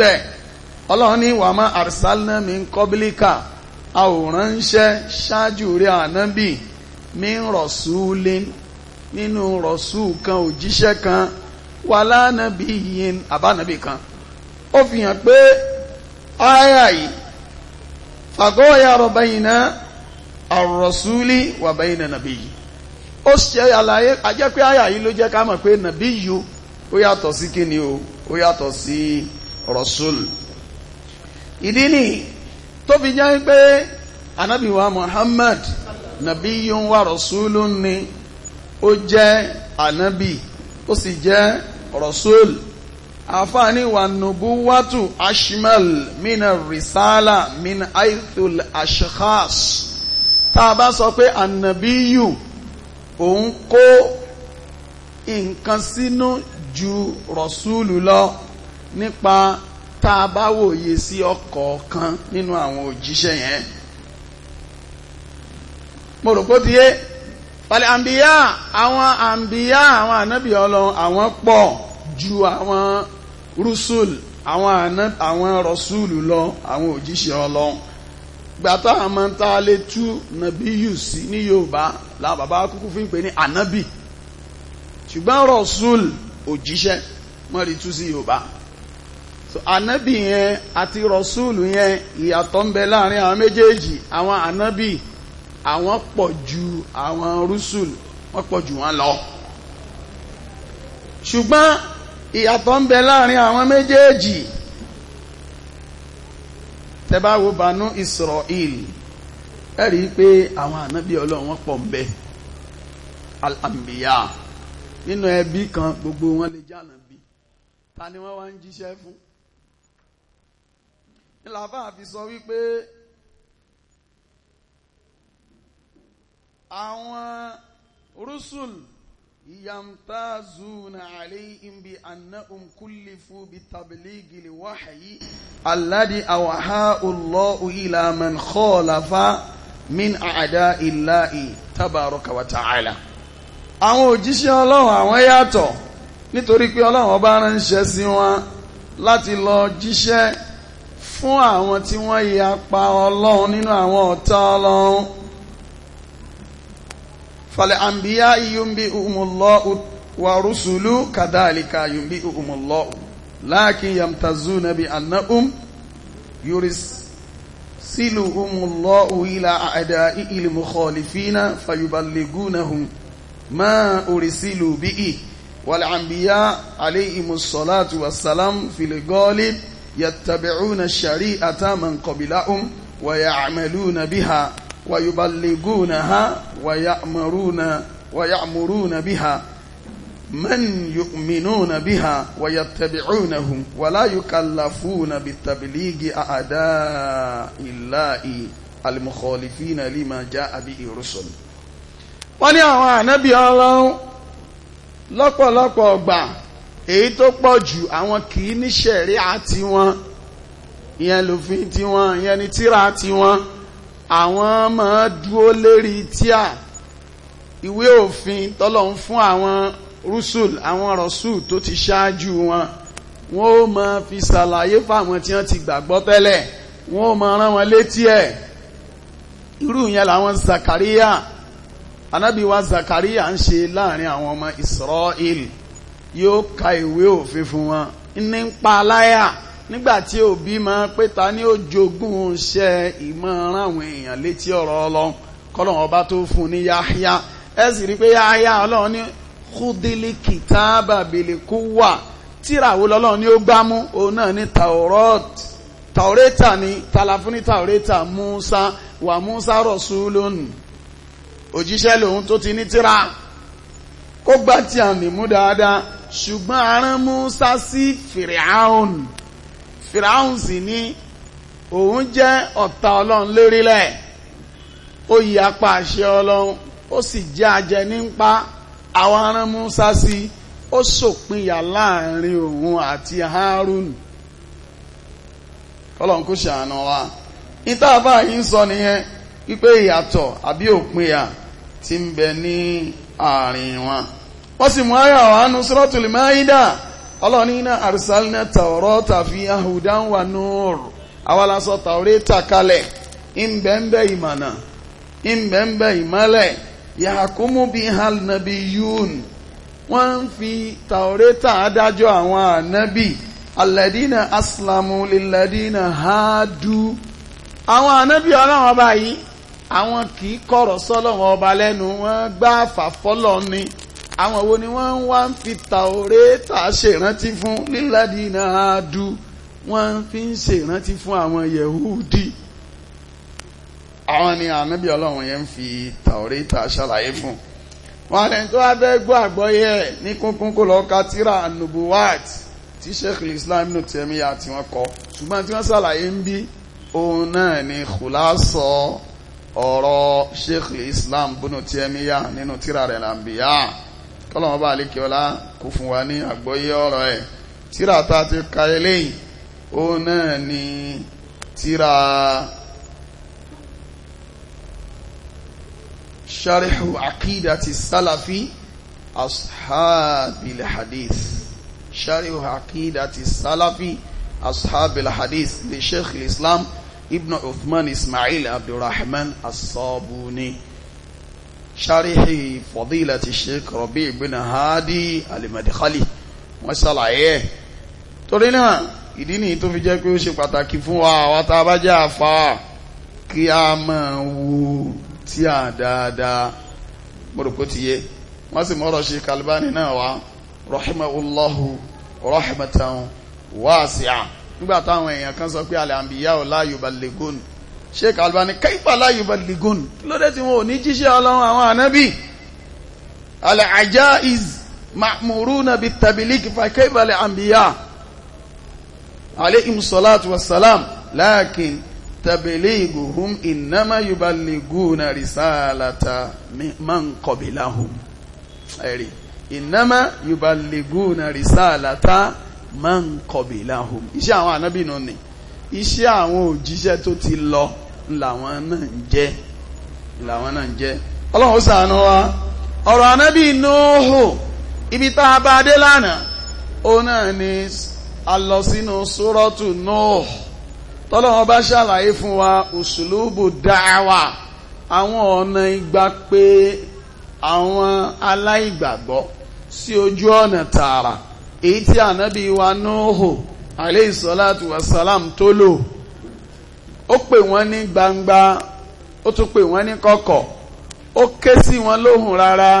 bẹ́ẹ̀ ọlọ́run ní wàá má arsalna min qablika a ò ṣáájú ànábì nínú kan òjíṣẹ́ kan wàlá nàbí yìnyín àbánàbí kan ó fi hàn pé áyà yìí fàgọ́yà rọ̀bẹ̀yìnà àrọ̀súlì wàbẹ̀yìnà nàbí yìí ó ṣe àlàyé ajẹ́ pé yìí ló jẹ́ ká mọ̀ pé nàbí yìí ó yàtọ̀ sí kíni o ó yàtọ̀ sí rasul ìdí ni tó fi jẹ́ pé ànábì wa Muhammad nabiyyun wa rasulun ni ó jẹ́ ànábì ó sì jẹ́ rasul àfáàní wa nubuwatu ashmal mina risala min aithul ashkhas tá bá sọ pé ànábìyù òun kó nǹkan sínú ju rọ̀súùlù lọ nípa tá a bá wòye sí ọ̀kọ̀ọ̀kan nínú àwọn òjíṣẹ́ yẹn mo rò pé ó ti yé pàlẹ́ àǹbíyá àwọn àǹbíyá àwọn ànábì ọlọ́run àwọn pọ̀ ju àwọn rúṣùl àwọn àwọn rọ̀ṣùlù lọ àwọn òjíṣẹ́ ọlọ́run gbàtà àmọ́ tá a lè tú nàbí yù sí ní yorùbá làwọn bàbá kúkú fi ń pè ní ànábì ṣùgbọ́n rọ̀ṣùl òjíṣẹ́ mọ́rí tú sí yorùbá so anabi yẹn àti rọ̀súùlù yẹn ìyàtọ̀ ń bẹ láàrin àwọn méjèèjì àwọn anabi àwọn pọ̀ ju àwọn rúsùlù wọ́n pọ̀ jù wọ́n lọ ṣùgbọ́n ìyàtọ̀ ń bẹ láàrin àwọn méjèèjì tẹ́báwo banú Israel ẹ rí pé àwọn ànábì ọlọ́run wọ́n pọ̀ ń bẹ al-anbiya nínú ẹbí kan gbogbo wọn lè jẹ́ ànábì ta ni wọ́n wá ń jíṣẹ́ fún làbá fi sọ wípé àwọn rúsùl yamtazuna alayhim bi annahum kullifu bi tablighi liwahyi alladhi awhahu Allahu ila man khalafa min a'da'i Allahi tabaraka wa ta'ala àwọn òjíṣẹ́ Ọlọ́run àwọn yàtọ̀ nítorí pé Ọlọ́run bá ránṣẹ́ sí wọn láti lọ jíṣẹ́ fún àwọn tí wọ́n ya pa ọlọ́run nínú àwọn ọ̀tá ọlọ́run falẹ̀ àmbíyá yúmbí umùlọ́ wàrúsùlù kàdáàlìkà yúmbí umùlọ́ láàkín yamtazú nàbí annáhùn yurisilu umùlọ́ ìlà àdá ìlmùkọ̀lìfínà fayuballigunahum ma urisilu bi'i wal anbiya alayhimus salatu wassalam fil ghalib يتبعون الشريعة من قبلهم ويعملون بها ويبلغونها ويأمرون ويأمرون بها من يؤمنون بها ويتبعونهم ولا يكلفون بالتبليغ أعداء الله المخالفين لما جاء به الرسل wọ́n ní àwọn ànábì ọlọ́run lọ́pọ̀lọpọ̀ ọgbà èyí tó pọ̀ jù àwọn kì í ní ṣẹ̀ríà tiwọn ìyẹn lòfin tiwọn ìyẹn ni tíra tiwọn àwọn máa dúó lérí tíà ìwé òfin tọ́lọ̀ ń fún àwọn rúṣùl àwọn rọ̀ṣù tó ti ṣáájú wọn wọ́n ó máa fi ṣàlàyé fáwọn tí wọ́n ti gbàgbọ́ tẹ́lẹ̀ wọ́n ó máa rán wọn létí ẹ̀ irú yẹn làwọn Zakariya anábìwá Zakariya ń ṣe láàrin àwọn ọmọ Israel yóò ka ìwé òfin fún wọn ní ń pa aláyà nígbàtí òbí máa pé ta ní ó jogún iṣẹ́ ìmọ̀ràn àwọn èèyàn létí ọ̀rọ̀ ọlọ́run kọ́lọ́run ọba tó fún ní yáyá ẹ sì rí pé yáyá ọlọ́run ní kúdílì kìtàbà bèlè kú wà tíráwó lọ́lọ́run ní ó gbámú òun náà ní taurot taureta ní talafuni taureta musa wà musa rọ̀súlùn òjíṣẹ́ lòun tó ti ní tíra kó gbá tí a nìmú dáadáa ṣùgbọ́n arán Musa sí fìrìhàn fìrìhàn sì ní òun jẹ́ ọ̀tá ọlọ́run lérílẹ̀ ó yí apá àṣẹ ọlọ́run ó sì jẹ́ ajẹ nípa àwọn arán Musa sí ó ṣòpinya láàrin òun àti Harun ọlọ́run kò ṣàánú wa ìtàbá yìí ń sọ nìyẹn wípé ìyàtọ̀ àbí òpinya ti ń bẹ ní àárín wọn wọ́n sì mú ayà wà nù Suratul Maida Ọlọ́run ní inna arsalna Tawrata fiha hudan wa nur àwa la sọ Tawrata kalẹ̀ ìmbẹ̀ǹbẹ̀ ìmọ̀nà ìmbẹ̀ǹbẹ̀ ìmọ̀lẹ̀ yahkumu biha al-nabiyyun wọ́n ń fi Tawrata adájọ́ àwọn ànábì alladina aslamu lilladina hadu àwọn ànábì ọlọ́run ọba yìí àwọn kì í kọ̀rọ̀ sọ́lọ́run ọba lẹ́nu wọ́n gbá àfàfọ́lọ́ ni àwọn wo ni wọ́n ń wá ń fi tàórétà ṣèrántí fún níládìínà adu wọ́n fi ń ṣèrántí fún àwọn yehudi àwọn ni ànábì ọlọ́run yẹn ń fi tàórétà ṣàlàyé fún wọn lẹ́yìn tó wá fẹ́ gbọ́ àgbọ́yé ẹ̀ ní kúnkún kó lọ ka tírà nubuwat tí sheikh islam ibn tẹ́míyà tí wọ́n kọ ṣùgbọ́n tí wọ́n ṣàlàyé ń bí òun náà ni kùlásọ ọ̀rọ̀ sheikh islam ibn tẹ́míyà nínú tírà rẹ̀ làǹbíyà kọ́lọ̀wọ́n bá lè kí ọlá kó fún wa ní àgbọ́yé ọ̀rọ̀ ẹ̀ tíra ta ti ka eléyìn ó náà ni tíra sharihu akidati salafi ashabil hadith sharihu akidati salafi ashabil hadith li sheikh islam ibn uthman ismail abdulrahman as-sabuni. as as شريح فضيلة Sheikh Rabi' ibn Hadi al-Madkhali wọ́n ṣàlàyé ẹ̀ torí náà ìdí nìyí tó fi jẹ́ pé ó ṣe pàtàkì fún wa àwa tá a bá jẹ́ àfa kí a máa wo tí a dáadáa mọ̀rọ̀kó ti yé wọ́n sì mọ́rọ̀ Sheikh Albani náà wá rahimahullahu rahmatan wasi'a nígbà táwọn èèyàn kan sọ pé al-anbiya la yuballighun sheik albani kaifala yubaligun lóde tí wọn ò ní jíṣẹ́ ọlọ́run àwọn ànábì alàjá is ma'muruna bi tabilik fa kaifala anbiya alayhim salatu wassalam lakin tabiliguhum innama yubaliguna risalata man qabilahum ẹ̀rí innama yubaliguna risalata man qabilahum iṣẹ́ àwọn ànábì nù ni iṣẹ́ àwọn òjíṣẹ́ tó ti lọ làwọn náà ń jẹ́ làwọn náà ń jẹ́ ọlọ́run ṣàánú wa ọ̀rọ̀ anábì nóòhù ibi tá a bá dé lánàá ó náà ni a lọ sínú sórọ́tù nóòhù tọ́lọ́wọ́n bá ṣàlàyé fún wa usulubu da'wa àwọn ọ̀nà ìgbà pé àwọn aláìgbàgbọ́ sí ojú ọ̀nà tààrà èyí tí ànábì wa nóòhù alayhi salatu wassalam tó lò ó pè wọ́n ní gbangba ó tún pè wọ́n ní kọ̀kọ̀ ó ké sí wọn lóhùn rárá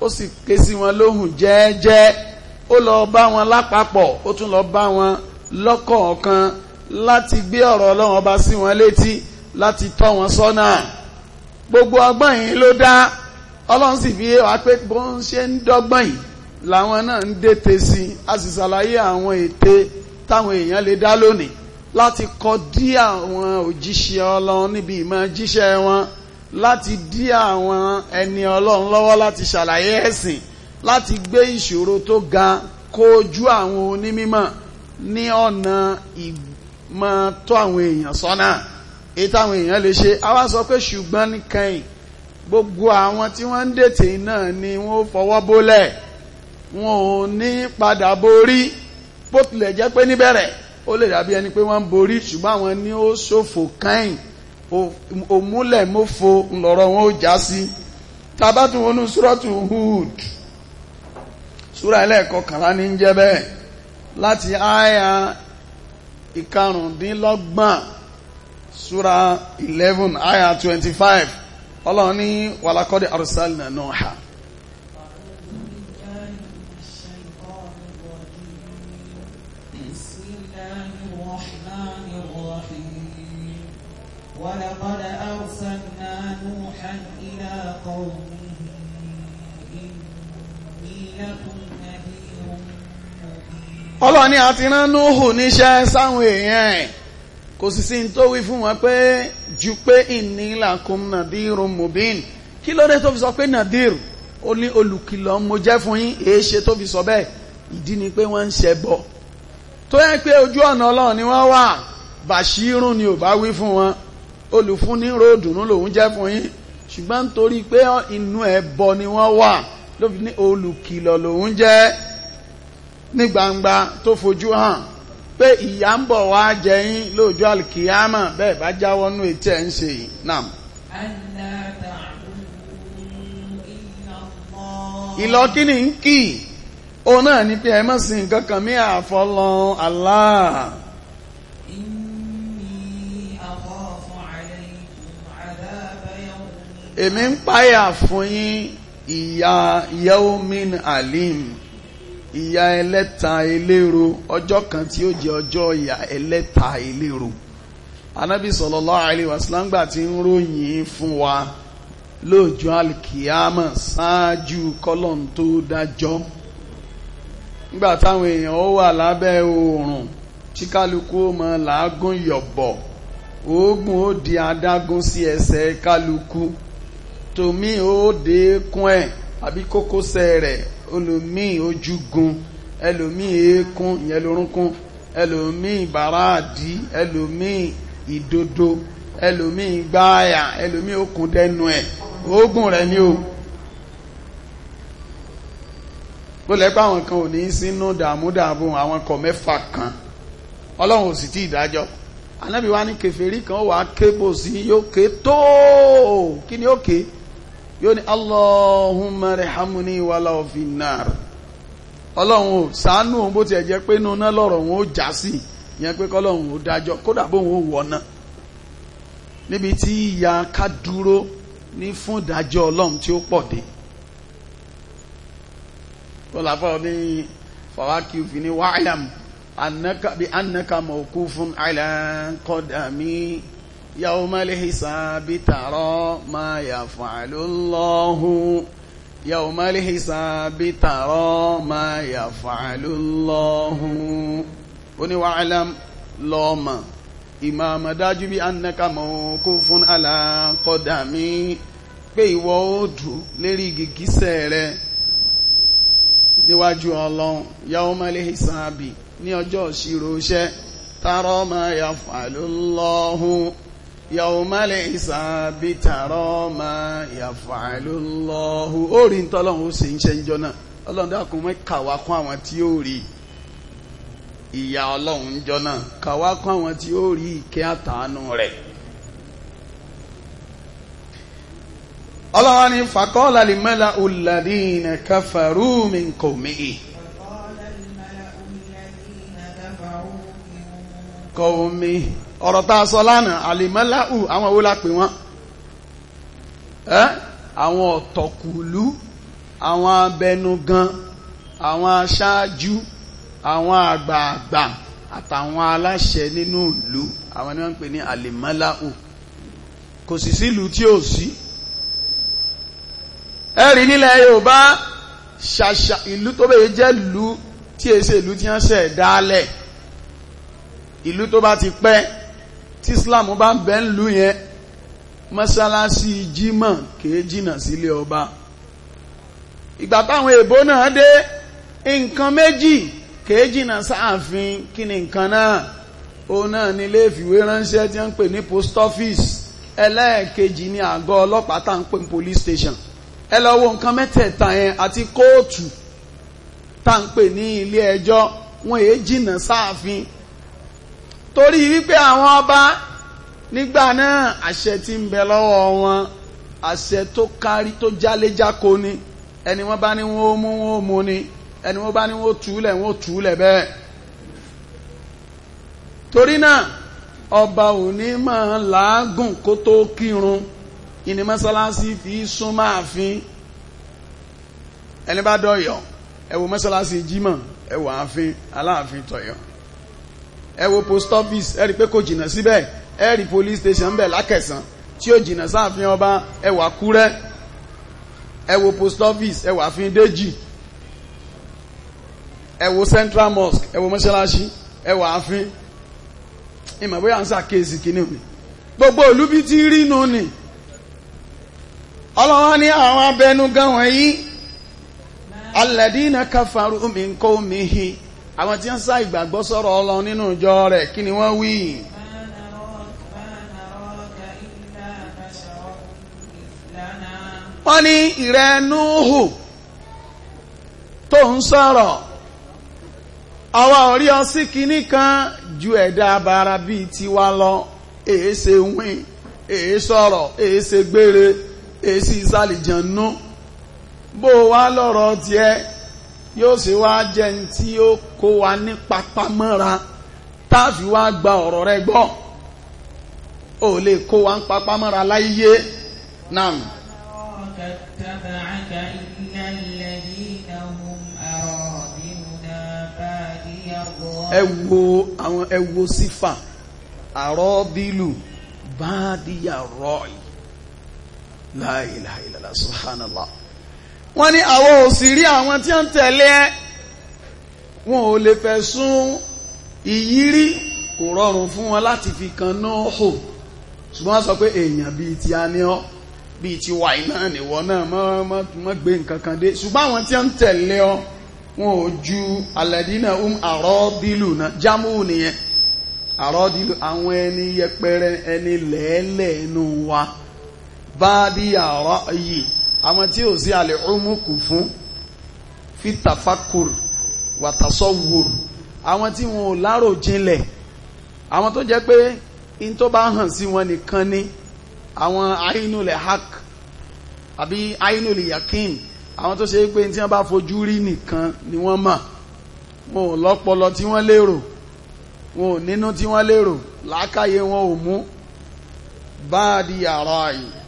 ó sì ké sí wọn lóhùn jẹ́ẹ́jẹ́ ó lọ bá wọn lápapọ̀ ó tún lọ bá wọn lọ́kọ̀ọ̀kan láti gbé ọ̀rọ̀ ọlọ́run ọba sí wọn létí láti tọ́ wọn sọ́nà gbogbo ọgbọ́n yìí ló dá ọlọ́run sì fi wá pé bó ń ṣe ń dọ́gbọ́n yìí làwọn náà ń dètè sí i a sì ṣàlàyé àwọn ète táwọn èèyàn lè dá lónìí láti kọ dí àwọn òjíṣẹ́ ọlọ́run níbi ìmọ̀ jíṣẹ́ wọn láti dí àwọn ẹni ọlọ́run lọ́wọ́ láti ṣàlàyé ẹ̀sìn láti gbé ìṣòro tó ga kojú àwọn onímímọ̀ ní ọ̀nà ìmọ̀ tó àwọn èèyàn sọ́nà èyí táwọn èèyàn lè ṣe àwa sọ pé ṣùgbọ́n nìkẹyìn gbogbo àwọn tí wọ́n ń dètè náà ni wọ́n fọwọ́ bólẹ̀ wọn ò ní padà borí bó tilẹ̀ jẹ́ pé níbẹ̀rẹ̀ ó lè dàbí ẹni pé wọ́n ń borí ṣùgbọ́n àwọn ni ó ṣòfò káyìn òmúlẹ̀ mọ́fo ńlọrọ̀ wọn ó já sí tabatu wọnú súrọ́tù Hud súra ẹlẹ́ẹ̀kọkànlá ní ń jẹ́ bẹ́ẹ̀ láti àyà ìkarùndínlọ́gbọ̀n súra 11 àyà 25 ọlọ́run ní wàlákọ́dé arsalna Nuha. No الله الرحمن الرحيم ولقد أرسلنا نوحا إلى قومه إني لكم نذير ọlọ́ni àti rán Núhù níṣẹ́ sáwọn èèyàn ẹ̀ kò sì sí tó wí fún wọn pé ju pé inni lakum nadirun mubin kí ló dé tó fi sọ pé nadir ó ní olùkìlọ̀ mo jẹ́ fún yín èé ṣe tó fi sọ bẹ́ẹ̀ ìdí ni pé wọ́n ń ṣẹbọ tó yẹ pé ojú ọ̀nà ọlọ́run ni wọ́n wà bàṣírùn ni ò bá wí fún wọn olùfúnni ròdùnú lòun jẹ́ fún yín ṣùgbọ́n nítorí pé inú ẹbọ ni wọ́n wà ló fi ní olùkìlọ̀ lòun jẹ́ ní gbangba tó fojú hàn pé ìyà ń bọ̀ wá jẹ yín lóòjọ́ alkiyama bẹ́ẹ̀ bá jáwọ́ nú etí ẹ̀ ń ṣe yìí nam. ìlọkí ni ń kì í. ó náà ní pé ẹ má sìn nǹkan kan mí àfọlọ́n Allah. èmi ń páyà fún yín ìyà yawmin alim ẹlẹ́ta eléro ọjọ́ kan tí ó jẹ́ ọjọ́ ìyà ẹlẹ́ta eléro anábì sallallahu alaihi gbà tí ń ròyìn fún wa lóòjọ́ alkiyama ṣáájú tó dájọ́. nígbà táwọn èèyàn ó wà lábẹ́ oòrùn tí kálukú mọ làágùn yọ̀bọ̀ oògùn ó di adágún sí ẹsẹ̀ kálukú tòmí ó dé kún ẹ̀ àbí kókósẹ̀ rẹ̀ olùmíì ojúgun ẹlòmíì eékún ìyẹn lórúnkún ẹlòmíì bàràdì ẹlòmíì ìdodo ẹlòmíì gbáàyà ẹlòmíì okùn dẹnu ẹ̀ oògùn rẹ̀ ni o. tó lẹ́pẹ́ àwọn kan ò ní sínú dààmúdààbò àwọn kọ̀ mẹ́fà kan ọlọ́run ò sì tí ìdájọ́ anábì ní kèfèrí kan wà á kébò sí yóò ké kí ni ó yóò ní allahumma rahamuni wàlá òfin náà ọlọ́run ò òun bó tiẹ̀ jẹ́ pé inú náà lọ́rọ̀ òun ó já sí ìyẹn pé kọ́lọ́run ò dájọ́ kódà wọ̀nà níbi tí ìyá ká dúró ní fún tó làfà ní fàwákì fi ní wa'lam annaka bí annaka mawqufun ala qadami yawmal hisabi tara ma yaf'alu Allahu yawmal hisabi tara ma yaf'alu Allahu ó ní wa'lam lọ́ọ̀mà ìmàmà dájú bí annaka mawqufun ala qadami pé ìwọ ó lérí gìgísẹ̀ rẹ̀ níwájú ọlọ́run yaoma hisabi ní ọjọ́ ìṣirò iṣẹ́ tààrọ ma yaf'alu Allahu yaoma hisabi tààrọ ma yaf'alu Allahu ó rí tọ́lọ́run ó sì ń ṣe ìjọ náà ọlọ́run dákun mọ́ kàwá kún àwọn tí ó rí ìyá ọlọ́run jọ náà kàwá kún àwọn tí ó rí ìkẹ́ àtàánú rẹ̀ ọlọ́wọ́ ni fàkọ́ọ̀lá lè mẹ́la olùlàdínà kafaru min qawmihi qawmi ọ̀rọ̀ tá a sọ lánàá àlèmẹ́lá ù àwọn owó lápè wọn ẹ́ àwọn ọ̀tọ̀kùlú àwọn abẹnugan àwọn aṣáájú àwọn àgbààgbà àtàwọn aláṣẹ nínú ìlú àwọn ni wọ́n ń pè ní àlèmẹ́lá ù kò sì sílùú tí ò sí ẹ̀rí nílẹ̀ Yorùbá ṣàṣà ìlú tó bẹ́ẹ̀ jẹ́ ìlú tí èsè ìlú tí wọ́n ṣẹ̀ dálẹ̀ ìlú tó bá ti pẹ́ tí Islam bá ń bẹ ń lú yẹn mọ́sálásí jímọ̀ kìí jìnà sílé ọba ìgbà táwọn èbó náà dé nǹkan méjì kìí jìnà sáàfin kí ni nǹkan náà ó náà nílé ìfìwé ránṣẹ́ tí wọ́n ń pè ní post office ẹlẹ́ẹ̀kejì ní àgọ́ ọlọ́pàá tá à ń pè ní police station ẹ lọ wo nǹkan mẹ́tẹ̀ẹ̀ta yẹn àti kóòtù tá à ń pè ní ilé ẹjọ́ wọn èé jìnnà sáàfin torí wípé àwọn ọba nígbà náà àṣẹ ti ń bẹ lọ́wọ́ wọn àṣẹ tó kárí tó jáléjáko ni ẹni wọ́n bá ní wọn ó mú wọn ó ni ẹni wọ́n bá ní wọn ó túlẹ̀ wọn ó túlẹ̀ bẹ́ẹ̀ torí náà ọba ò ní máa làágùn kó tó kírun ìní mọ́sálásí fi súnmọ́ ààfin ẹni bá dọ̀yọ̀ ẹ wo mọ́sálásí jímọ̀ ẹ wo ààfin aláàfin tọ̀yọ̀ ẹ wo post office ẹ rí pé kò jìnnà síbẹ̀ ẹ rí police station bẹ̀ lákẹ̀sán tí ó jìnnà sáàfin ọba ẹ wà Àkúrẹ́ ẹ wo post office ẹ wà àfin Déjì ẹ wo central mosque ẹ wo mọ́ṣáláṣí ẹ wà àfin ìmọ̀ bóyá ń sàkéèsì kìíní òní gbogbo olúbi tí rí nù ni ọlọ́wọ́ ní àwọn abẹnugan wọ̀nyí alẹ́dínà káfàrú mi ń kó mi hi àwọn tí ń sá ìgbàgbọ́ sọ̀rọ̀ ọlọ́run nínú ìjọ rẹ̀ kí ni wọ́n wí wọ́n ní ìrẹ́núhù tó ń sọ̀rọ̀ àwa ò kan ju ẹ̀dá abara bíi tiwa lọ èé ṣe wín èé sọ̀rọ̀ èé ṣe gbére èsì ìsàlìjànú bó wá lọ́rọ̀ tiẹ̀ yóò ṣe wá jẹ́ ní tí ó kó wa ní papamọ́ra táàfi wá gba ọ̀rọ̀ rẹ gbọ́ ò lè kó wa ń papamọ́ra láyé náà. ẹ wo àwọn ẹ wo sífà àrọ́bílù bá díyà rọ́ọ̀yì la ilaha illallah subhanallah wọ́n ní àwọn ò sì rí àwọn tí wọ́n tẹ̀lé ẹ wọn ò lè fẹ́ sún ìyírí kò rọrùn fún wọn láti fi kan náà hò ṣùgbọ́n wọ́n sọ pé èèyàn bíi ti a ní bíi ti wà iná nìwọ náà mọ́ gbé nǹkan kan dé ṣùgbọ́n àwọn tí wọ́n tẹ̀lé ọ wọn ò ju aladina um àrọ́dìlù náà jámù nìyẹn àrọ́dìlù àwọn ẹni yẹpẹrẹ ẹni lẹ́ẹ̀lẹ́ẹ̀nu wa báàdí àrọ́ yìí àwọn tí ò sí àlè ọmọkù fún fitafakur wàtasọ́wùr àwọn tí wọn ò lárò jinlẹ̀ àwọn tó jẹ́ pé in tó bá hàn sí wọn nìkan ni àwọn ainulẹ̀ hak àbí ainulẹ̀ yakin àwọn tó ṣe pé tí wọ́n bá fojú rí nìkan ni wọ́n mọ̀ wọn ò lọ́pọlọ tí wọ́n lérò wọn ò nínú tí wọ́n lérò làákàyè wọn ò mú báàdì àrọ́ yìí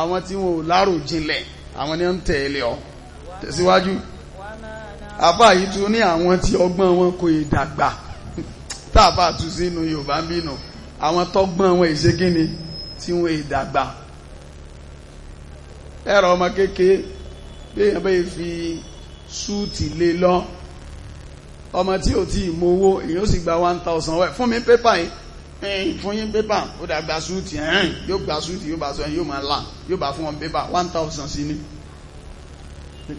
àwọn tí wọn ò lárò jinlẹ̀ àwọn ni ó ń tẹ̀lé ọ tẹ̀síwájú àfà yìí tún ní àwọn tí ọgbọ́n wọn kò ìdàgbà tààfà tún sínú Yorùbá ń bínú àwọn tọ́gbọ́n wọn ìṣe kíni tí wọn ìdàgbà ẹ̀rọ ọmọ kékeré béèyàn bẹ́ẹ̀ fi súùtì lé lọ ọmọ tí ò tí ì mowó èyí ó sì gba one thousand wẹ̀ fún mi pépà yìí fún yín pépà ó dà gba ẹ̀hìn yóò gba súùtì yóò bá sọ yóò máa là yóò bá fún wọn pépà one thousand sí ni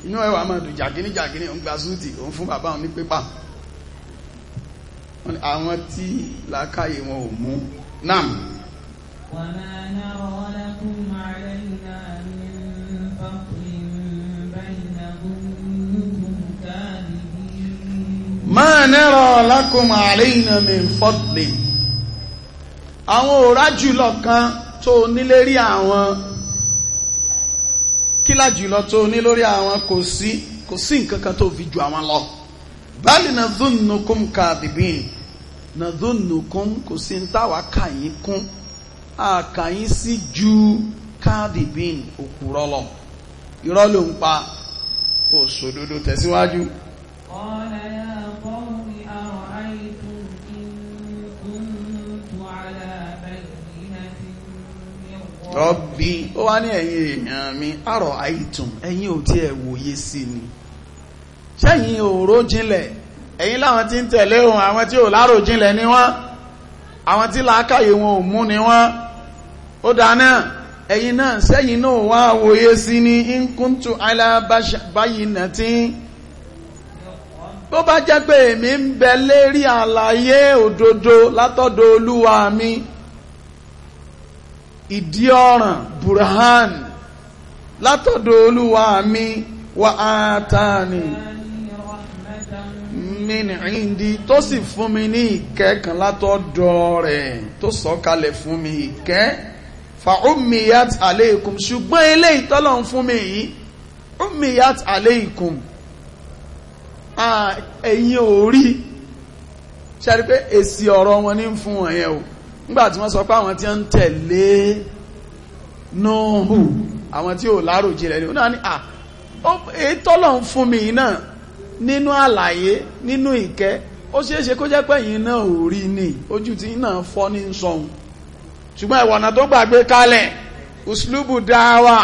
inú ẹwà máa dùn jàgínní jàgínní òun gba súùtì òun fún bàbá òun ní pépà àwọn tí làákàyè wọn ò mú nam. wàhálà náà wọlé kún màrẹ́ náà ní fàkùn. ma nara lakum alayna àwọn òrá jùlọ kan tó ní lérí àwọn kílà jùlọ tó ní lórí àwọn kò sí kò sí nǹkan kan tó fi ju àwọn lọ báàlì náà dúnnukún kàdìbìn náà dúnnukún kò sí ń táwa kàyín kún àkàyín sí ju kàdìbìn òkúrọ́ lọ irọ́ ló ń pa òṣòdodo tẹ̀síwájú. ọ̀rẹ́ àbọ̀wọ̀. rọ́bí ó wá ní ẹ̀yin èèyàn mi àrọ̀ àìtùn ẹ̀yin ò tí ẹ̀ wòye sí ni ṣẹ́yìn òòró jinlẹ̀ ẹ̀yin láwọn tí ń tẹ̀lé ohun àwọn tí ò lárò jinlẹ̀ ni wọ́n àwọn tí làákàyè wọn ò mú ni wọ́n ó dáná ẹ̀yin náà ṣẹ́yìn náà wá wòye sí ni nkúntù alábáyìnàtí bó bá jẹ́ pé èmi ń bẹ lérí àlàyé òdodo látọ̀dọ̀ olúwa mi ìdí ọ̀ràn burhan látọ̀dọ̀ olúwa mi wa àtàní min indi tó sì fún mi ní ìkẹ́ kan látọ̀dọ̀ rẹ̀ tó sọ̀kalẹ̀ fún mi ìkẹ́ fa'umiyat aleikum ṣùgbọ́n eléyìí tọ́lọ̀ ń fún mi yìí umiyat aleikum ẹ̀yin ò rí ṣe àrí èsì ọ̀rọ̀ wọn ní fún wọn yẹn o nígbà tí wọ́n sọ pé àwọn tí ń tẹ̀lé nóòhù àwọn tí ò láròjìnlẹ̀ ni ó náà ní à èyí tọ́lọ̀ ń fún mi náà nínú àlàyé nínú ìkẹ́ ó ṣeéṣe kó jẹ́ pé yìí náà ò rí ni ojú tí yìí náà fọ́ ní sọ̀hún ṣùgbọ́n ìwọ̀nà tó gbàgbé kalẹ̀ uslubu dáwà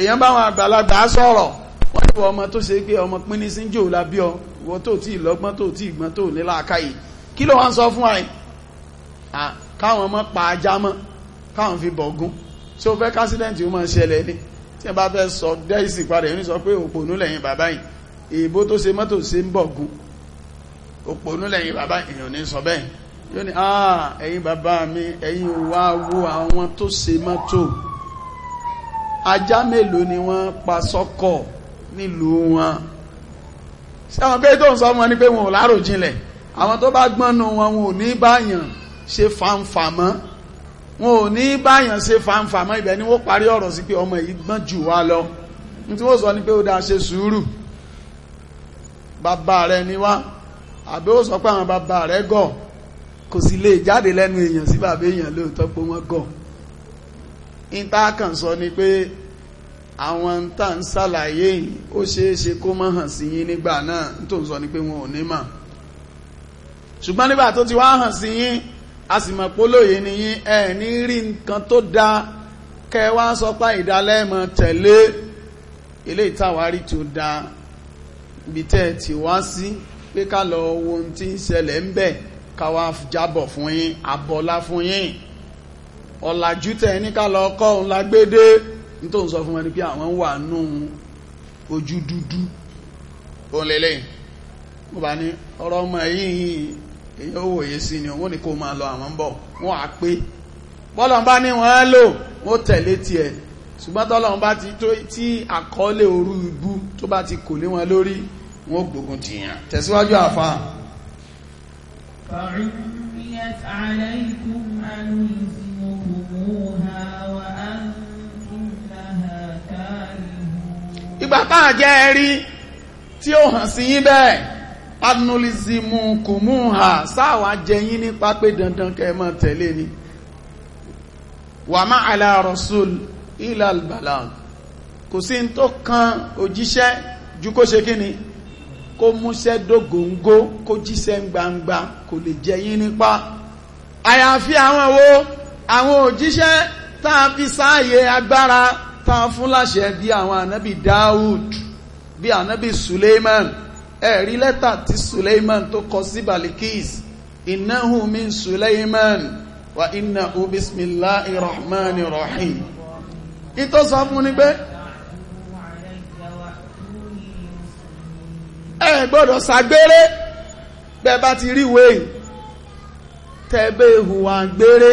èèyàn báwọn àgbàlagbà sọ̀rọ̀ wọ́n ní ọmọ tó ṣe pé ọmọ pínín sí jò lábí ọ tó tí ìlọ́gbọ́n tó tí ìgbọ́n tó nílá àkáyè kí ló wá sọ fún àyè káwọn mọ́ pa ajá mọ́ káwọn fi bọ̀gún tí ó fẹ́ kásídẹ̀ntì ó máa ṣẹlẹ̀ ní tí ẹ bá fẹ́ sọ dẹ́ìsì padà yóò ní sọ pé òpònú lẹ́yìn bàbá yìí èèbó tó ṣe mọ́tò ṣe ń bọ̀gún òpònú lẹ́yìn bàbá èèyàn ní sọ bẹ́ẹ̀ yóò ní ah ẹ̀yin bàbá mi ẹ̀yin wá wo àwọn tó ṣe mọ́tò ajá mélòó ni wọ́n pa sọ́kọ̀ nílùú wọn ṣé àwọn pé tó ń sọ wọn ni pé wọn ò láròjinlẹ̀ àwọn tó bá gbọ́n nu wọn wọn ò ṣe fàǹfà mọ́ wọn ò ní báyàn ṣe fàǹfà mọ́ ibẹ̀ ni wọ́n parí ọ̀rọ̀ sí pé ọmọ yìí gbọ́n jù wá lọ ní tí wọ́n sọ ni pé ó dáa ṣe sùúrù bàbá rẹ̀ ni wá àbí ó sọ pé àwọn bàbá rẹ̀ gọ̀ kò sì lè jáde lẹ́nu èèyàn sí bàbá èèyàn lóòótọ́ pé wọ́n gọ̀ ìtàkàn sọ ni pé àwọn tá ń ṣàlàyé yìí ó ṣeéṣe kó mọ́ hàn sí yín nígbà náà tó ń sọ ni pé wọn ò ní mọ̀ ṣùgbọ́n nígbà tó ti wá hàn sí yín a sì mọ̀ polóye nìyí ẹ̀ ní rí nǹkan tó dáa kẹ́ wá sọpá ìdálẹ́mọ̀ tẹ̀lé ilé ìtawárí tó dáa ibi tẹ́ ẹ ti wá sí pé ká lọ wo ohun tí ń ṣẹlẹ̀ ń bẹ̀ ká wá jábọ̀ fún yín abọ́lá fún yín ọ̀làjú tẹ̀ ní ká lọ kọ́ òun lágbédé nítorí sọ fún wọn ni pé àwọn wà nù ojú dúdú òun lélẹ́yìn mo bá ní ọ̀rọ̀ ọmọ yìí èyí ó wòye sí ni wọ́n ní kó máa lọ àwọn bọ̀ wọ́n á pé bọ́lọ̀ bá ní wọ́n lò wọ́n tẹ̀lé tiẹ̀ ṣùgbọ́n tọ́lọ̀ bá ti tó tí àkọọ́lẹ̀ orú ibú tó bá ti kò lé wọn lórí wọ́n gbógun tìyàn tẹ̀síwájú àfa. ìgbà tá a jẹ́ ẹ̀rí tí ó hàn sí yín bẹ́ẹ̀ anulizimu kùmùhà sáwà jẹyìn nípa pé dandan kẹmọ tẹ̀lé ni wà má àlà rasul ilal balag kò sí tó kan òjíṣẹ́ ju kó ṣe kí ni kó múṣẹ́ dógóńgó kó jíṣẹ́ gbangba kò lè jẹyìn nípa àyàfi àwọn wo àwọn òjíṣẹ́ tá a fi sáàyè agbára tá fún láṣẹ bí àwọn ànábì Dáúd bí ànábì Suleiman ẹ̀rí lẹ́tà tí Suleiman tó kọ sí Balikis innahu min Suleiman wa innahu bismillahi rahmani rahim ìtọ́ sọ fún ni pé ẹ gbọ́dọ̀ ṣàgbèrè bẹ́ẹ̀ bá ti rí wéyìn tẹ́bẹ́ hùwà gbèrè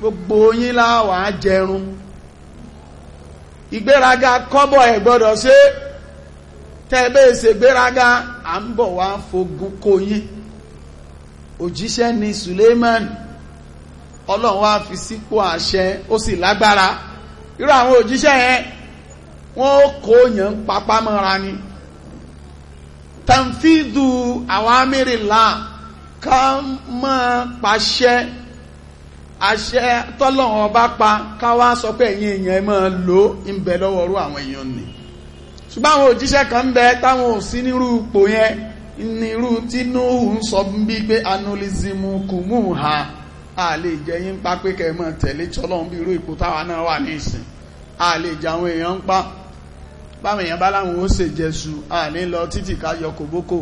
gbogbo yín láwàá jẹrun ìgbéraga kọ́bọ̀ ẹ gbọ́dọ̀ ṣe é tẹ́ẹ̀bẹ́ ṣe gbéraga à ń bọ̀ wá fogun kó yín òjíṣẹ́ ni Suleiman ọlọ́run wá fi sípò àṣẹ ó sì lágbára irú àwọn òjíṣẹ́ yẹn wọ́n ó kó yàn papá mọ́ra ni tàǹfìdù àwọn amírìlá ká máa pàṣẹ àṣẹ tọ́lọ́run ọba pa ká wá sọ pé ẹ̀yin èèyàn ẹ máa lò ń bẹ lọ́wọ́ irú àwọn èèyàn nìyí ṣùgbọ́n àwọn òjíṣẹ́ kan bẹ táwọn ò sí nírú ipò yẹn nírú tí ń sọ bí pé anulizimu kùmù ha a lè jẹ yín pa pé kẹmọ tẹ̀lé tọ́lọ́run bí irú ipò táwa náà wà ní ìsìn a lè jẹ àwọn èèyàn ń pa báwọn èèyàn bá láwọn ó ṣe jẹsù a ní lọ títì ká yọ kòbókò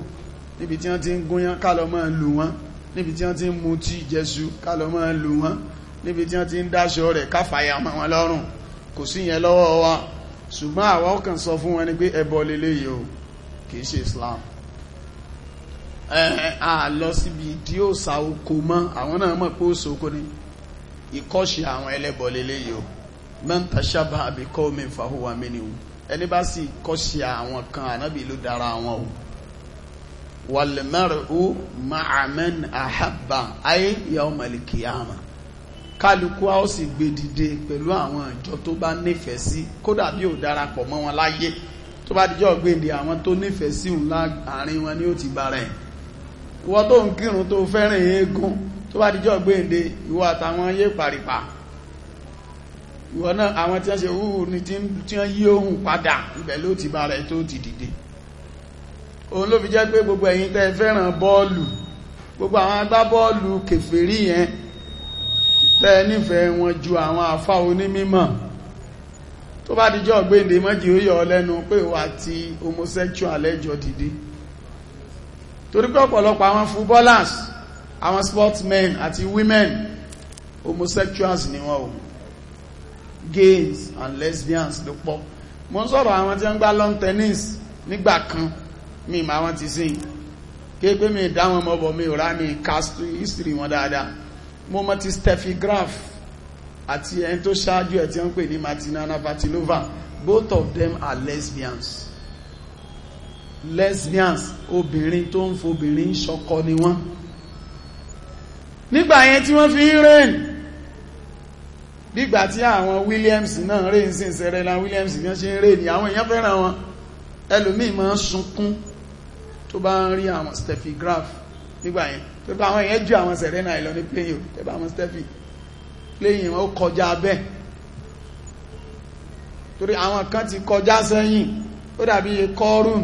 níbi tí wọ́n ti ń gúnyán ká lọ máa lù wọ́n níbi tí wọ́n ti ń mutí jẹsù ká lọ máa lù wọ́n níbi tí wọ́n ti ń dáṣọ rẹ̀ káfàyà mọ́ wọn lọ́rùn kò sí yẹn lọ́wọ́ wa ṣùgbọ́n àwa ó kàn sọ fún wọn ni pé ẹbọ lélé yìí o kìí ṣe Islam a lọ síbi tí ó sa oko mọ́ àwọn náà mọ̀ pé ó soko ni ìkọ́ṣe àwọn ẹlẹ́bọ lélé yìí o man tashabaha bi qawmin fahuwa minhum ẹni bá sì kọ́ṣe àwọn kan ànábì ló dára wọn o wal mar'u ma'a man ahabba ayé yawmal qiyamah kálukú a ó sì gbé dìde pẹ̀lú àwọn ìjọ tó bá nífẹ̀ẹ́ sí kódà bí ò darapọ̀ mọ́ wọn láyé tó bá dijọ́ gbèdè àwọn tó nífẹ̀ẹ́ sí òun láàrin wọn ni ó ti bára ẹ̀ ìwọ tó ń kírun tó fẹ́ràn eégún tó bá dijọ́ gbèdè ìwọ àtàwọn yé pàrìpà ìwọ náà àwọn tí wọ́n ṣe wúwú ni tí wọ́n yí ohun padà ibẹ̀ ló ti bára ẹ̀ tó ti dìde òun ló fi jẹ́ pé gbogbo ẹ̀yin tẹ́ fẹ́ràn bọ́ọ̀lù gbogbo àwọn agbábọ́ọ̀lù kèfèrí yẹn tẹ́ nífẹ̀ẹ́ wọn ju àwọn àfá onímímọ̀ tó bá dijọ́ gbéǹde mọ́jì ó yọ lẹ́nu pé wà ti homosexual ẹjọ́ dìde torí pé ọ̀pọ̀lọpọ̀ àwọn footballers àwọn sportsmen àti women homosexuals ni wọ́n o gays and lesbians ló pọ̀ mo ń sọ̀rọ̀ àwọn tí wọ́n gbá long tennis nígbà kan mi mà wọ́n ti sìn kéèpé mi dá wọn mọ́bọ̀ mi ò rá mi cast history wọn dáadáa mo mọ̀ ti steffi graf àti ẹni tó ṣáájú ẹ̀ tí wọ́n pè ní martina navatilova both of them are lesbians lesbians obìnrin tó ń fobìnrin ṣọkọ ni wọ́n nígbà yẹn tí wọ́n fi ń rìn nígbà tí àwọn Williams náà rìn sí Serena Williams yẹn ṣe ń rìn ní àwọn èèyàn fẹ́ràn wọn ẹlòmíì máa ń sunkún tó bá ń rí àwọn steffi graf nígbà yẹn pẹ̀lú àwọn èèyàn ju àwọn Serena ìlọ ní pléyìn o pẹ̀lú àwọn Steffi pléyìn wọn ó kọjá bẹ́ẹ̀ torí àwọn kan ti kọjá sẹ́yìn ó dàbí kọ́rùn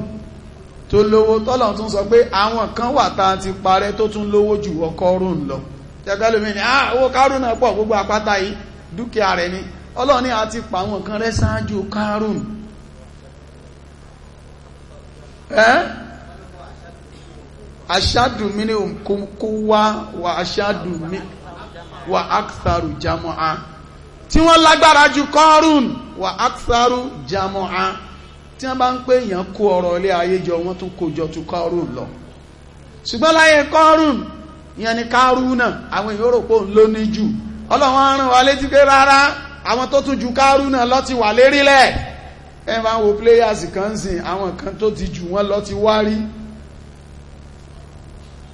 tó lówó tọ́lọ̀ tún sọ pé àwọn kan wà ta ti parẹ́ tó tún lówó jù wọ kọ́rùn lọ jẹ́gbẹ́lómi ni ah owó kárùn náà pọ̀ gbogbo àpáta yìí dúkìá rẹ̀ ni ọlọ́ni a ti pa àwọn kan rẹ́ ṣáájú kárùn aṣáàdù mi ní kó wá wà aṣáàdù mi wà áksàrù jamu'a tí wọ́n lágbára ju kọ́rùn wà áksàrù jamu'a tí wọ́n bá ń pè èèyàn kó ọ̀rọ̀ ilé ayé jọ wọ́n tún kó jọ tu kọ́rùn lọ ṣùgbọ́n láyé kọ́rùn ìyẹn ni kárúnà àwọn èèyàn rò pé òun ló ní jù ọlọ́wọ́n rán wa létí pé rárá àwọn tó tún ju kárúnà lọ ti wà lérílẹ̀ ẹ máa wo players kan sìn àwọn kan tó ti jù wọ́n lọ ti wá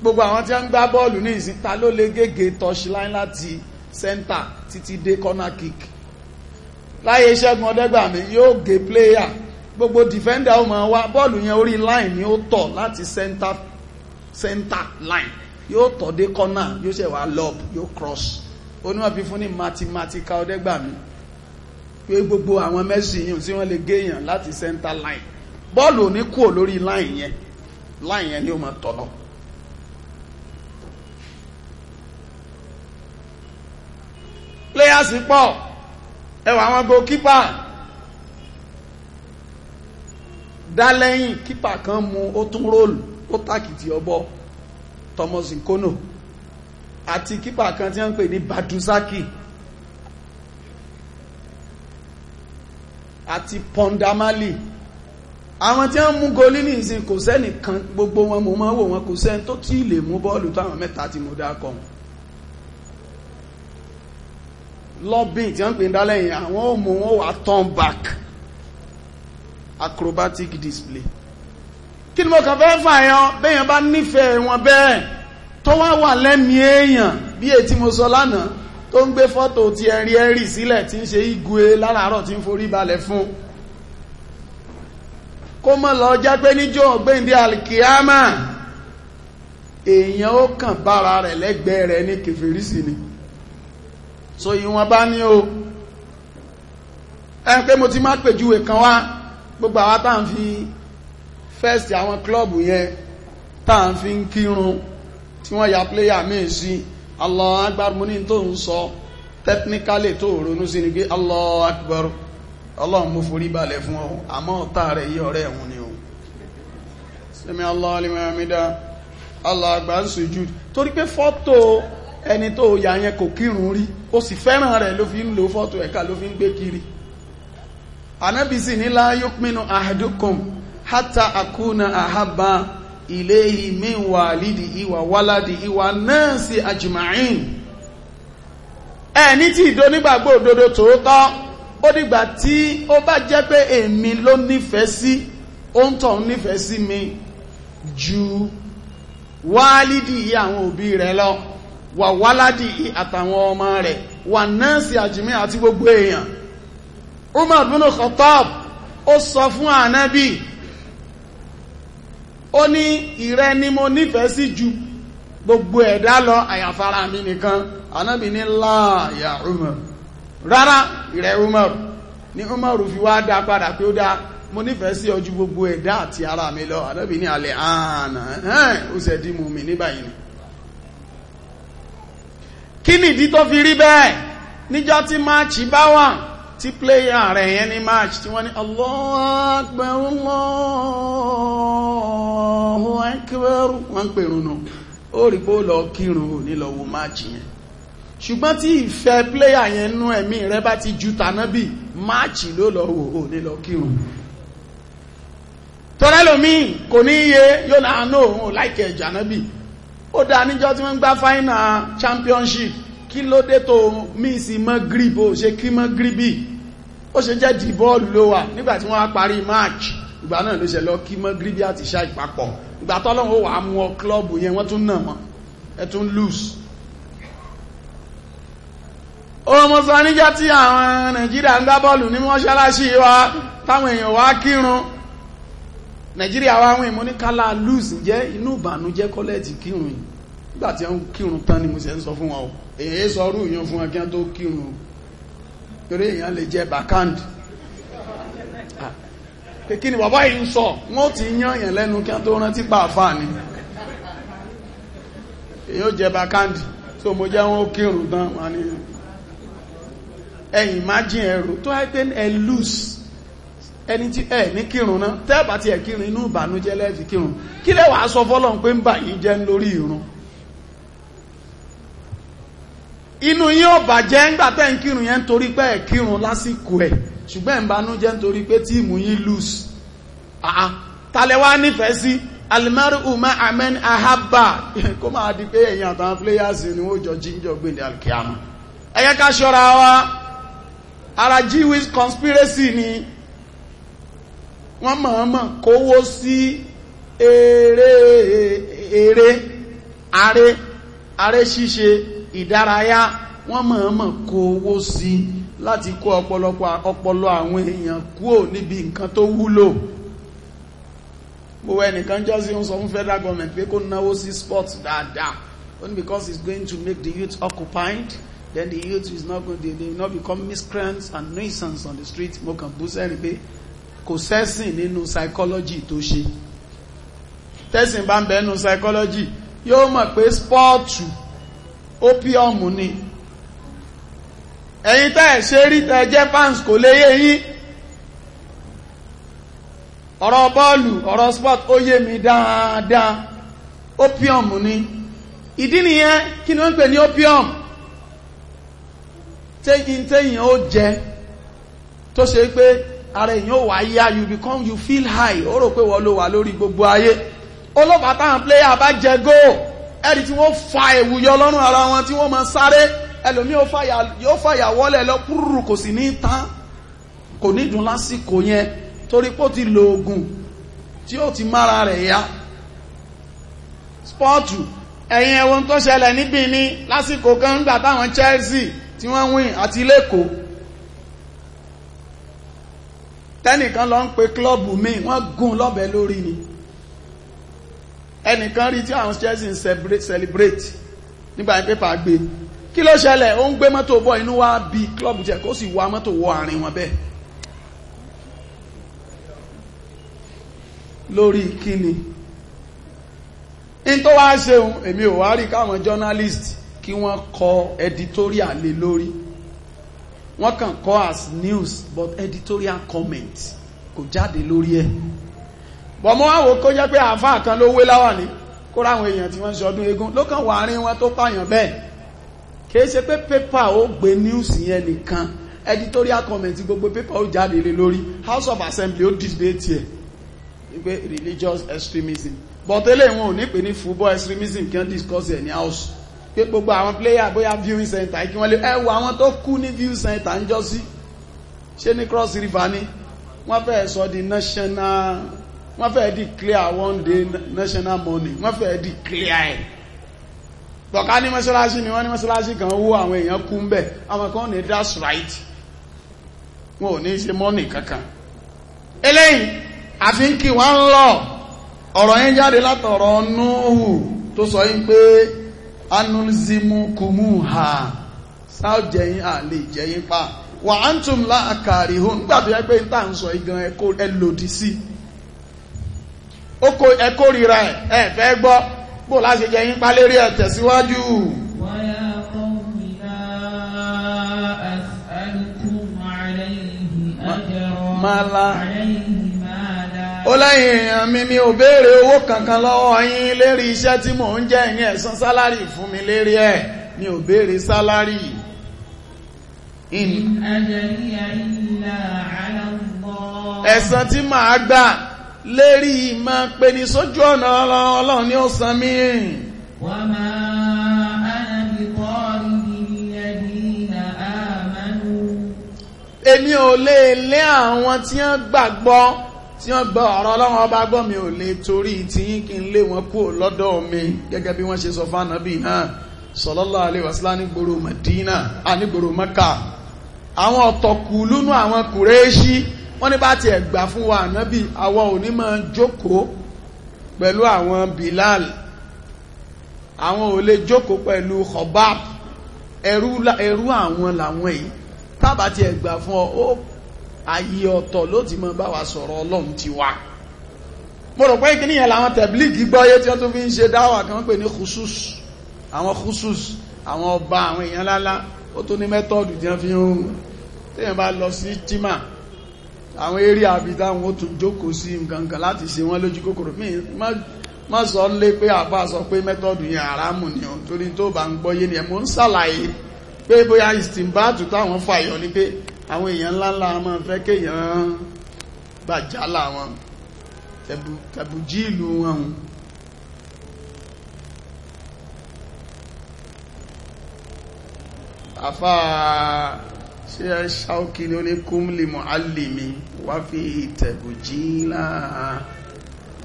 gbogbo àwọn tí wọ́n ń gbá bọ́ọ̀lù ní ìsìta ló lè gègé touchline láti sẹ́ńtà títí dé corner kick láyé Ṣẹ́gun Ọdẹ́gbàmí yóò gé player gbogbo defender ó máa wá bọ́ọ̀lù yẹn orí line ni ó tọ̀ láti center center line yóò tọ̀ dé corner yóò ṣe wá lob yóò cross oníwọ̀n fi fún ní mathematical Ọdẹ́gbàmí pé gbogbo àwọn Messi yìí tí wọ́n lè géèyàn láti center line bọ́ọ̀lù ò ní kúrò lórí line yẹn line yẹn ni ó máa tọ̀ lọ. players pọ̀ ẹwà àwọn goalkeeper dálẹ́yìn keeper kan mu ó tún róòlù ó tàkìtì ọbọ Thomas Nkono àti keeper kan tí wọ́n ń pè ní Badusaki àti Pondamali àwọn tí wọ́n mú golí ní ìsìn kò sẹ́nìkan gbogbo wọn mo máa wò wọn kò sẹ́ni tó tí ì mú bọ́ọ̀lù táwọn mẹ́ta ti mú dákọ̀ lobbying tí wọ́n pè ń dálẹ́yìn àwọn ò mú wọn wà turn back acrobatic display kí ni mo kàn fẹ́ fàyàn béèyàn bá nífẹ̀ẹ́ wọn bẹ́ẹ̀ tó wá wà lẹ́mí èèyàn bí ètí mo sọ lánàá tó ń gbé fọ́tò ti ẹ̀rí ẹ̀rí sílẹ̀ tí ń ṣe igwe láràárọ̀ tí ń forí balẹ̀ fún kó mọ́ lọ jẹ́ pé níjọ́ ọ̀gbẹ́ndé alkiyama èèyàn ó kàn bára rẹ̀ lẹ́gbẹ̀ẹ́ rẹ̀ ní kèfèrí sí ni. ni so ìwọ̀n bá ní o ẹ pé mo ti má pèjúwe kan wá gbogbo àwa tá à fi fẹ́ẹ̀sì àwọn klọ́ọ̀bù yẹn tá à ń fi ń kírun tí wọ́n ya pléyà míì sí Allah akbar mo ní tó ń sọ tẹ́tíníkálì tó ronú sí ni pé Allah akbar ọlọ́run mo forí balẹ̀ fún ọ àmọ́ ọ̀tá rẹ̀ yí ọ̀rẹ́ ẹ̀hún ni o sẹ́mi Allah alimọ̀ amida Allah akbar ń sùjúd torí pé fọ́tò ẹni tó yà yẹn kò kírun rí ó sì fẹ́ràn rẹ̀ ló fi ń lo fọ́tò ẹ̀ka ló fi ń gbé kiri ànábì sì ní la yukminu ahadukum hatta akuna ahaba ilayhi min wàlídì ìwà wáládì ìwà náà sí ajma'in ẹni tí ìdó nígbàgbọ́ òdodo tòótọ́ ó dìgbà tí ó bá jẹ́ pé èmi ló nífẹ̀ẹ́ sí ó ń tọ̀ nífẹ̀ẹ́ sí mi ju wálídì àwọn òbí rẹ̀ lọ wà wáládì àtàwọn ọmọ rẹ̀ wà nẹ́ẹ̀sì àjìmí àti gbogbo èèyàn Umar bin Khattab ó sọ fún ànábì ó ní ìrẹ ni mo nífẹ̀ẹ́ sí ju gbogbo ẹ̀dá lọ àyàfara mi nìkan ànábì ní láàyà Umar rárá ìrẹ Umar ni Umar fi wá dá padà pé ó dá mo nífẹ̀ẹ́ sí ojú gbogbo ẹ̀dá àti ara mi lọ ànábì ní alẹ́ àánà ó ṣe dí mú mi ní kí nìdí tó fi rí bẹ́ẹ̀ níjọ́ tí máàchì bá wà tí pléyà rẹ̀ yẹn ní máàchì tí wọ́n ní Allahu Akbar Allahu Akbar wọ́n ń pèrún nù ó rí bó lọ ju tànábì máàchì ló lọ wò ó ní lọ kírun tọ́lẹ́lòmíì kò ní iye yóò ó dá níjọ́ tí wọ́n ń gbá final championship kí ló dé tó míìsì mọ́ ó ṣe kí Maghribi ó ṣe jẹ́ di bọ́ọ̀lù ló wà nígbàtí wọ́n á parí match ìgbà náà ló ṣe lọ kí Maghribi àti ṣá ìpapọ̀ ìgbà mú ọ lose ọmọ sọ níjọ́ tí àwọn Nàìjíríà ń gbá bọ́ọ̀lù wa táwọn èèyàn wá kírun nàìjíríà wa àwọn ìmọ̀ ní kálá lose jẹ́ inú ìbànújẹ́ kọ́lẹ́ẹ̀tì kírun nígbà tí wọ́n kírun tán ni mo ṣe ń sọ fún wọn o èyí sọ ọrú ìyan fún wọn kí wọ́n tó kírun torí èyàn lè jẹ backhand kí ni bàbá yìí ń sọ wọ́n ti yán yàn lẹ́nu kí wọ́n tó rántí pa àfáà ni èyí ó backhand so mo jẹ́ wọn ó kírun tán wọn ni ẹ̀yìn má jìn ẹ̀rù tó ẹ́ pé ẹ lose ẹni tí ẹ ní kírun náà tẹ́ẹ̀bà tí ẹ inú ìbànújẹ́ lẹ́ẹ̀dì kí sọ fọ́lọ́n pé ń bà yín jẹ́ lórí ìrùn inú yín ò jẹ́ ń kírun yẹn torí pé lose nífẹ̀ẹ́ sí umar amen ahaba kó máa di pé ẹ̀yìn àtàwọn jọ jíjọ alkiama ẹ̀yẹ́ ká ṣọ́ra wa ara conspiracy ni wọ́n mọ̀ọ́mọ̀ kówó sí eré are aré aré ṣíṣe ìdárayá wọ́n mọ̀ọ́mọ̀ kówó sí láti kó ọ̀pọ̀lọpọ̀ ọpọlọ àwọn èèyàn kúò níbi nǹkan tó wúlò mo wẹ nìkan jọ sí ń fún federal government pé kó náwó sí sports dáadáa only because it's going to make the youth occupied then the youth is not going to they will not become miscreants and nuisance on the street mo kàn bú sẹ́rìn pé kò sẹ́sìn nínú psychology tó ṣe tẹ́sìn bá ń bẹ nínú psychology yóò mọ̀ pé spọ́ọ̀tù opiọ́mù ni ẹ̀yin tẹ́ ẹ̀ ṣe rí tẹ́ jẹ́ fans kò lè yín ọ̀rọ̀ bọ́ọ̀lù ọ̀rọ̀ sport ó yé mi dáadáa opium ni ìdí nìyẹn kí ni wọ́n pè ní opium tẹ́yìn tẹ́yìn ó jẹ tó ṣe pé ara èyàn ò wá yá you become you feel high ó rò pé wọ́n ló wà lórí gbogbo ayé ọlọ́pàá táwọn pléyà bá jẹ góò ẹ̀rí tí wọ́n fa ẹ̀wù yọ lọ́rùn ara wọn tí wọ́n máa sáré ẹlòmí yóò fàyà wọlé lọ púrùrù kò sì ní tán kò ní dùn lásìkò yẹn torí pé ó ti lo oògùn tí ó ti mára rẹ̀ yá spọ́ọ̀tù ẹ̀yìn ẹ̀wọ̀n tó ṣẹlẹ̀ níbi ní lásìkò kan nígbà táwọn Chelsea tí wọ́n win àti lẹ́kọ̀ọ́ tẹ́nìkan lọ ń pe klọ́ọ̀bù míì wọ́n gún lọ́bẹ lórí ni ẹnìkan rí tí àwọn Chelsea ń celebrate nígbà yẹn pépà gbé kí ló ṣẹlẹ̀ ó ń gbé mọ́tò bọ́ inú wá bí klọ́ọ̀bù jẹ́ kó sì wá mọ́tò wọ àárín wọn bẹ́ẹ̀ lórí kíni in tó wá ṣeun èmi ò wá rí káwọn journalist kí wọ́n kọ editorial lé lórí wọ́n kàn kọ́ as news but editorial comment kò jáde lórí ẹ̀ bọ̀ mọ́ àwò kó jẹ́ pé àáfáà kan ló wé láwà ní kó ráwọn èèyàn tí wọ́n ń ṣọdún eégún ló kàn wà rí wọn tó pààyàn bẹ́ẹ̀ kìí ṣe pé pépà ó gbé news yẹn nìkan editorial comment gbogbo pépà ó jáde lé lórí house of assembly ó debate ẹ̀ wípé religious extremism but eléyìí wọn ò ní pè ní football extremism kí wọ́n discuss ẹ̀ ní house pé gbogbo àwọn pléyà bóyá viewing center kí wọ́n lè ẹ wo àwọn tó kú ní viewing center ń jọ́sí ṣé ní cross river ni wọ́n fẹ́ sọ di national wọ́n di declare one day national money wọ́n fẹ́ declare ẹ̀ bọ̀ká ní mọ́ṣáláṣí ni wọ́n ní mọ́ṣáláṣí kan wó àwọn èèyàn kú ń bẹ̀ àwọn kan ní that's right wọn ò ní ṣe money kankan eléyìí àfi ń kí wọ́n ń lọ ọ̀rọ̀ yẹn jáde látọ̀rọ̀ núhù tó sọ yín pé anulzimu kumu ha sáà jẹyìn à lè jẹyìn pa wà á ń tún lá àkàrí hó ẹgbẹ́ tó yẹ pé tá à ń sọ igan ẹ lòdì sí ẹ kórìíra ẹ ẹ gbọ́ bó láti jẹyìn pa lérí ẹ tẹ̀síwájú. mala. ó lẹ́yìn èèyàn mi mi ò béèrè owó kankan lọ́wọ́ yín lérí iṣẹ́ tí mò ń jẹ́ ìyẹn ẹ̀san sálárì fún mi lérí ẹ̀ mi ò béèrè sálárì ẹ̀san tí màá gbà lérí ìmọ̀ pé ní sójú ọ̀nà ọlọ́run ni ó san mí wọ́n máa èmi ò lè lé àwọn tí wọ́n gbàgbọ́ tí wọ́n gbọ́ ọ̀rọ̀ ọlọ́run ọba gbọ́ mi ò lè torí tí yín kí n lé wọn kúrò lọ́dọ̀ mi gẹ́gẹ́ bí wọ́n ṣe sọ fún ànábì náà sallallahu alaihi wasallam nígboro Madina nígboro Mẹ́kà àwọn ọ̀tọ̀kù lúnú àwọn Kùrẹ́ṣí wọ́n ní bá ti ẹ̀gbà fún wa ànábì àwọn òní máa jókòó pẹ̀lú àwọn Bilal àwọn ò lè jókòó pẹ̀lú Khobab ẹrú àwọn làwọn èyí tábà ti ẹ̀gbà fún ọ ayé ọ̀tọ̀ ló ti mọ́ bá wa sọ̀rọ̀ ọlọ́run ti wá mo rò pé ìkíní yẹn làwọn tẹ̀blíìkì gbọ́yé tí wọ́n tún fi ń ṣe dáwà kan pè ní khusus àwọn khusus àwọn ọba àwọn èèyàn lálá ó tún ní mẹ́tọ́ọ̀dù tí wọ́n fi ń rún téèyàn bá lọ sí tímà àwọn eré àbídá wọn ó tún jókòó sí nǹkan kan láti ṣe wọn lójú kòkòrò míì má sọ lé pé àbá sọ pé mẹ́tọ́ọ̀dù yẹn àrámù ni ọ̀ torí tó bá ń gbọ́yé ni ẹ̀ mo ń ṣàlàyé pé bóyá ìsìnbáàtù táwọn fàyọ ni pé àwọn èèyàn ńláńlá máa fẹ́ kéèyàn bàjálà wọn tẹ̀bùjí ìlú wọn àfá ṣe ẹ ṣáókì ní oníkúmlì mọ̀álìmí wá fi ìtẹ̀bùjí láàá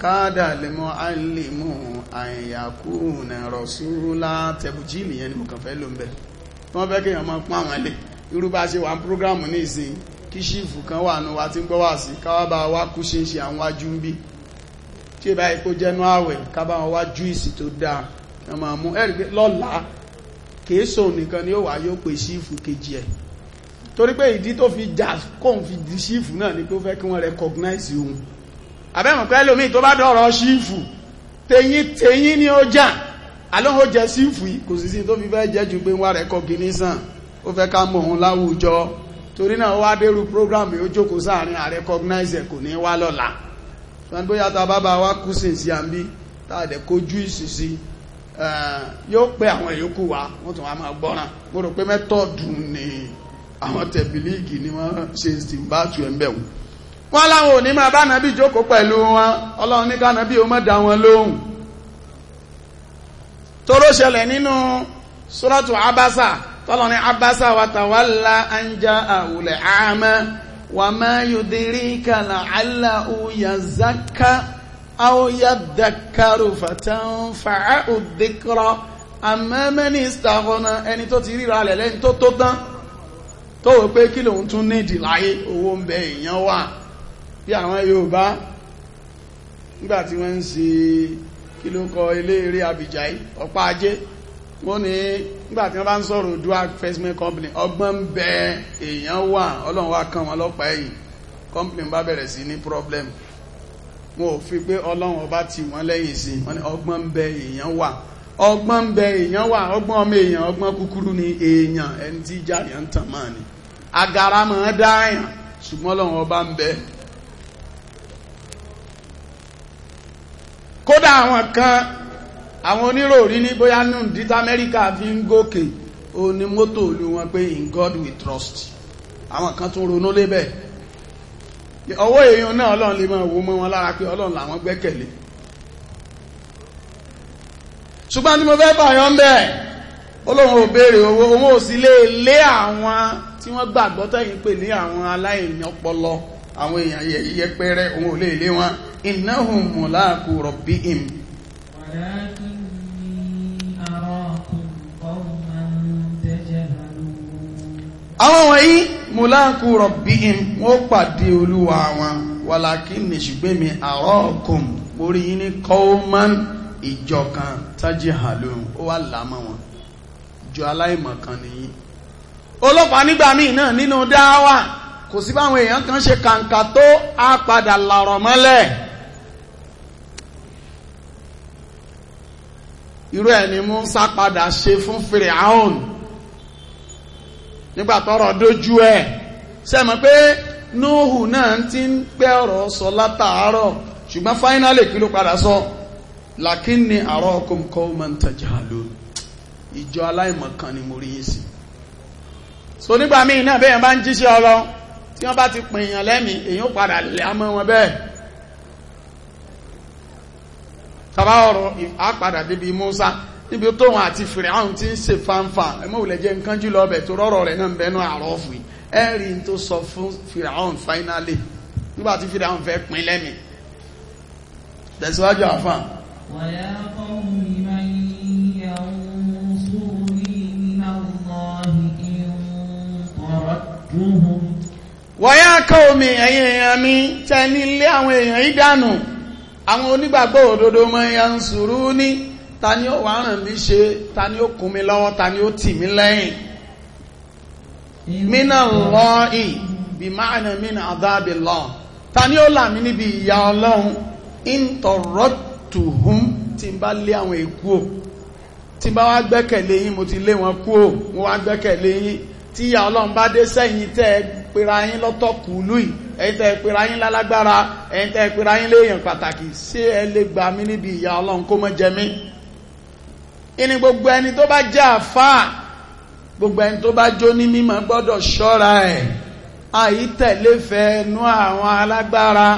káàdà lè mọ́ àìlèmọ́ àìyàkú nà rọ̀súrú látẹ̀bùjí nìyẹn ni mo ló ń bẹ̀ wọ́n fẹ́ kéèyàn máa pọ́n àwọn ẹlẹ́yìn irú bá ṣe wà ní prógrámù ní ìsìn kí ṣífù kan wà ní wa tí ń gbọ́ wà sí káwà bá wá kú ṣe ń ṣe àwọn wájú ń bí tí ìbá ipò jẹ́nu àwẹ̀ kábà wọn wá júìsì tó dáa kí wọ́n máa nìkan ni ó wà yóò pè ṣífù kejì ẹ̀ torí pé ìdí tó fi jà kóun fi di ṣífù náà ni pé ó fẹ́ kí wọ́n recognize òun àbẹ́mọ̀ pé ẹlòmíì tó bá dọ̀rọ̀ ṣífù tẹ̀yìn tẹ̀yìn ni ó jà alóhùn jẹ ṣífù yìí kò sì sí tó fi fẹ́ jẹ́ ju pé wọ́n recognize ó fẹ́ ká mọ̀ òun láwùjọ torí náà wá dérú program yóò jókòó sáàrin a recognize kò ní wá lọ́la ṣan bóyá ta bá bá wá kú sí sí àmì tààdẹ̀ kojú ìsìsí yóò pé àwọn ìyókù wa wọ́n tún wá máa gbọ́ràn mo rò pé mẹ́tọ́ọ̀dù ni àwọn tẹ̀bílíìgì ni wọ́n ṣe sì bá tù ẹ̀ ń bẹ̀wò wọ́n láwọn òní máa bá nàbí jókòó pẹ̀lú wọn ọlọ́run ní kánàbí ó má dá wọn lóhùn toró ṣẹlẹ̀ nínú suratu abasa tọ́lọ́ ní abasa wàtàwálà anja àwùlẹ̀ àmọ́ wà máa yòdìrí kàlà àlà òyà zaka àwòyà dàkàrò fàtàn fàá òdìkọrọ àmọ́ mínísítà ọ̀nà ẹni tó ti ríra rẹ̀ lẹ́ni tó tó tán tó wò pé kí lòun tún nídìí láyé owó ń bẹ èèyàn wà bí àwọn Yorùbá nígbà tí wọ́n ń ṣe kí ló kọ ilé eré Abìjà ọ̀pá ajé wọ́n ní nígbàtí wọ́n bá ń sọ̀rọ̀ dua investment company ọgbọ́n ń bẹ èèyàn wà ọlọ́run wá kan wọn lọ́pàá ẹ̀yìn company bá bẹ̀rẹ̀ sí ní problem wọn ò fi pé ọlọ́run ọba tì wọ́n lẹ́yìn sí wọ́n ní ọgbọ́n ń bẹ èèyàn wà ọgbọ́n ń bẹ èèyàn wà ọgbọ́n ọmọ èèyàn ọgbọ́n kúkúrú ni èèyàn ẹni tí ìjà yẹn ń tàn máa ni agara máa dá àyàn ṣùgbọ́n ọlọ́run ọba ń bẹ kódà àwọn kan àwọn oníròrí ní bóyá nù dítà amẹ́ríkà fi ń gòkè ó ní mọ́tò olú wọn pé in God we trust àwọn kan tún ronú lébẹ̀ ọwọ́ èèyàn náà ọlọ́run lè máa wo mọ́ wọn lára pé ọlọ́run làwọn gbẹ́kẹ̀lé ṣùgbọ́n tí mo fẹ́ bàyàn bẹ́ẹ̀ olóhun ò béèrè owó owó ò sí lè lé àwọn tí wọ́n gbàgbọ́ tẹ́yìn pè ní àwọn aláìní ọpọlọ àwọn èèyàn yẹpẹrẹ òun ò lè lé wọn innahum mulaqu rabbihim àwọn wọ̀nyí mùláàkù rọ̀bí im wọ́n pàdé olúwa wọn wàlákí ní ṣùgbẹ́ mi àrọ́ọ̀kùn orí yìí ní kọ́ọ̀mán ìjọ kan tájí hàlùn ó wà lámọ́ wọn jọ aláìmọ̀kan nìyí ọlọ́pàá nígbà míì náà nínú dáwà kò sí báwọn èèyàn kan ṣe kàǹkà tó á padà lọ̀rọ̀ mọ́lẹ̀ irú ẹ̀ ni Mùsá padà ṣe fún Fíráùn nígbà tọ́rọ̀ dojú ẹ̀ sẹ́mọ̀ pé nóòhù náà ti ń pẹ́ ọ̀rọ̀ sọ látàárọ̀ ṣùgbọ́n fáínálì kí ló padà sọ làkínní àrọ́kùn qawman tajhalun ìjọ aláìmọ̀kan ni mo rí yín sí so nígbà míì náà bẹ́ẹ̀ bá ń jíṣẹ́ ọ̀rọ̀ tí wọ́n bá ti pè èèyàn lẹ́mìí èèyàn padà lẹ́ àmọ́ wọn bẹ́ẹ̀ tàbá ọ̀rọ̀ àpàdà débi Musa níbi tóun àti fìrìhàn ti ń ṣe fanfa ẹmọ òlẹ̀ jẹ́ nǹkan jùlọ ọbẹ̀ tó rọ́rọ̀ rẹ̀ náà ń bẹnu àárọ̀ fún ẹ̀rí tó sọ fún fìrìhàn finally nígbà tí fìrìhàn fẹ́ pin lẹ́mì tẹ̀síwájú àfàn. wàyà kọ́hún ìmọ̀ ìyàwó sórí wọ́yá kọ́ omi ẹ̀yìn èèyàn mi tẹ́ nílé àwọn èèyàn ìdánù àwọn onígbàgbọ́ òdodo mọ́ ń sùúrù ní ta ni ó wá ràn mí ṣe ta ni ó kún mi lọ́wọ́ ta ni ó tì mí lẹ́yìn mina lọ́ọ̀ì bí máàna mina àdábì lọ ta ni ó là mí níbi ìyà ọlọ́run ìntọ̀rọ̀tùhún tí n bá lé àwọn èkú o tí n bá wá gbẹ́kẹ̀lé yín mo ti lé wọn kú o mo wá gbẹ́kẹ̀lé yín tí ìyà ọlọ́run bá dé sẹ́yìn tẹ́ ẹ pera yín lọ́tọ̀ kùlù yìí ẹ̀yin tẹ́ ẹ pera yín lálágbára ẹ̀yin tẹ́ ẹ pera yín léèyàn pàtàkì ṣé ẹ lè gbà mí níbi ìyà ọlọ́run kó má jẹ mí ìní gbogbo ẹni tó bá jẹ́ àfáà gbogbo ẹni tó bá jó ní mímọ́ gbọ́dọ̀ ṣọ́ra ẹ̀ àyítẹ̀léfẹ́ ẹnu àwọn alágbára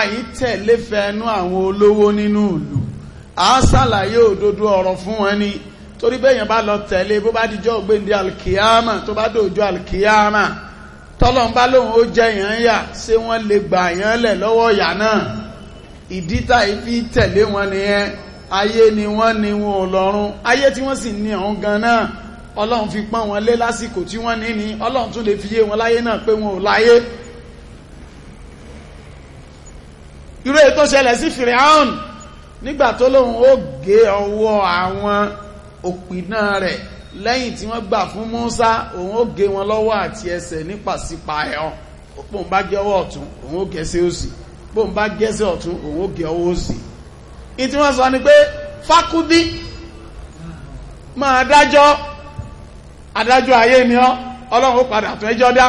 àyítẹ̀léfẹ́ ẹnu àwọn olówó nínú ìlú à á ṣàlàyé òdodo ọ̀rọ̀ fún wọn ni torí bẹ́yàn bá lọ tẹ̀lé bó bá dijọ́ ògbéǹde alkiyama tó bá dòjọ́ alkiyama tọ́lọ́n bá ó jẹ yàn yà ṣé wọ́n lè gbà yàn lẹ̀ lọ́wọ́ yà náà ìdí táyì fi tẹ̀lé wọn nìyẹn ayé ni wọ́n ni wọn ò lọ́run ayé tí wọ́n sì ní ọ̀hún gan náà ọlọ́run fi pọ́n wọn lé lásìkò tí wọ́n ní ní ọlọ́run tún lè fi yé wọn láyé náà pé wọn ò láyé irú èyí tó ṣẹlẹ̀ sí fìrìhàn nígbà tó lóun ó gé ọwọ́ àwọn òpìnà rẹ̀ lẹ́yìn tí wọ́n gbà fún Mùsá òun ó gé wọn lọ́wọ́ àti ẹsẹ̀ nípasípa ẹ̀hàn bóun bá gé ọwọ́ ọ̀tún òun ó gé sí òsì bóun bá gé ọ̀tún òun ó gé ọwọ́ òsì ìtí wọ́n sọ ni pé fákúdí máa dájọ́ adájọ́ ayé ni ọ́ ọlọ́run padà tún ẹjọ́ dá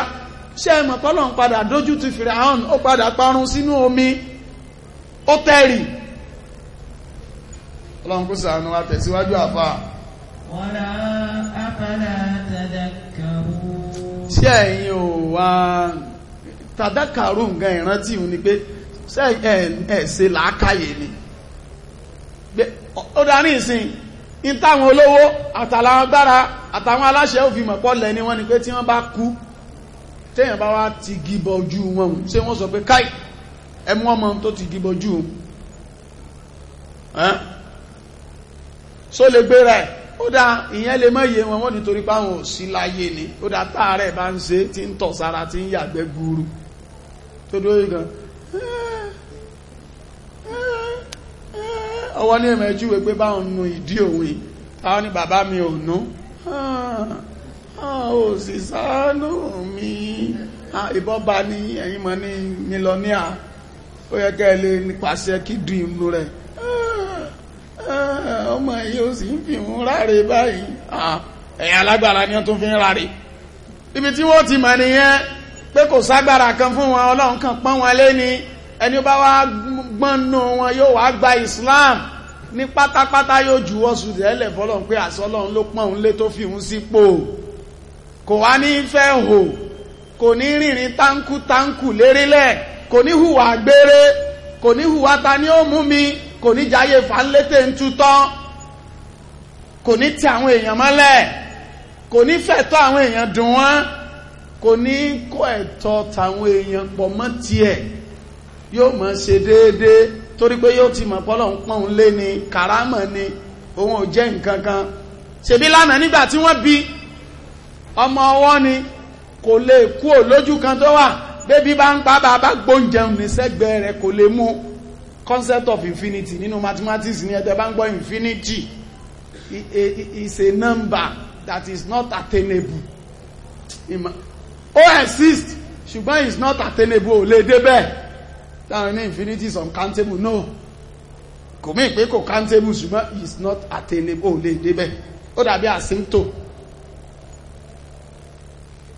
ṣé ẹ̀mọ̀ pọ́lọ́run padà dójú ti fìrà hàn ó padà parun sínú omi ó tẹ̀rì ọlọ́run kó ṣàánú wa tẹ̀síwájú àfà wala afala tadakkaru ṣé ẹ̀yin ò wá tàdákàrú nǹkan ìrántí ni pé ṣé ẹ̀ ṣe làákàyè ni ó dá ní ìsìn in táwọn olówó àtàlàwọn agbára àtàwọn aláṣẹ òfin mọ̀pọ̀lẹ̀ ni wọ́n ní pé tí wọ́n bá kú téèyàn bá wá ti gíbọ̀ ojú wọn ṣé wọ́n sọ pé káì ẹmú ọmọ tó ti gíbọ̀ ojú so lè gbéra ẹ̀ ó dá ìyẹn lè mọ́ iye wọn wọ́n nítorí páwọn ò láyé ni ó dá táàrẹ̀ bá ń ṣe tí ń tọ̀ sára tí ń yàgbẹ́ gbuuru tó dóyìn gan ọwọ́ ní ẹ̀mọ̀ ẹjú wípé bá ń nu ìdí òwe táwọn ní bàbá mi ò nú ó sì sáánú mi ìbọn bá ní ẹ̀yìn mọ́ ní mílọ́níà ó yẹ kẹ́ ẹ lè nípasẹ̀ kídùn inú rẹ̀ ọmọ yìí ó sì ń fi ń ráre báyìí ẹ̀yà alágbára ni wọ́n tún fi ń ráre ibi tí wọ́n ti mọ̀ nìyẹn pé kò ságbára kan fún wọn ọlọ́run kan pọ́n wọn lé ni ẹni bá wá gbọ́nù wọn yóò wá gba Islam ní pátápátá yóò ju wọ́sù tẹ́lẹ̀ fọ́lọ́n pé àsọ́lọ́n ló pọ́n òun lé tó fi òun sípò kò wá ní fẹ́ hò kò ní rìnrìn táǹkù táǹkù lérílẹ̀ kò ní hùwà gbére kò ní hùwà ta ni ó mú mi kò ní jáyé fàálétè ń tutọ́ kò ní ti àwọn èèyàn mọ́lẹ̀ kò ní fẹ̀tọ́ àwọn èèyàn dùn wọ́n kò ní kó ẹ̀tọ́ tàwọn èèyàn pọ̀ mọ́ tiẹ̀ yóò mọ̀ ṣe déédéé torí pé yóò ti mọ̀ pọ́lọ̀ ń pọ́n lé ni kàrámọ̀ ni òun ò jẹ́ nǹkan kan ṣebí lánàá nígbà tí wọ́n bí ọmọ ọwọ́ ni kò lè kú ò lójú kan tó wà bébí bá ń pa bàbá gbóúnjẹun ní sẹ́gbẹ̀ẹ́ rẹ̀ kò lè mú concept of infinity nínú mathematics ní ẹ̀tẹ́ bá ń gbọ́ infinity is a number that is not attainable ó exist ṣùgbọ́n is not attainable ò lè débẹ̀ táwọn ah, infinity is uncountable no kò mí pé kò countable ṣùgbọ́n is not attainable ò lè débẹ̀ ó dàbí asympto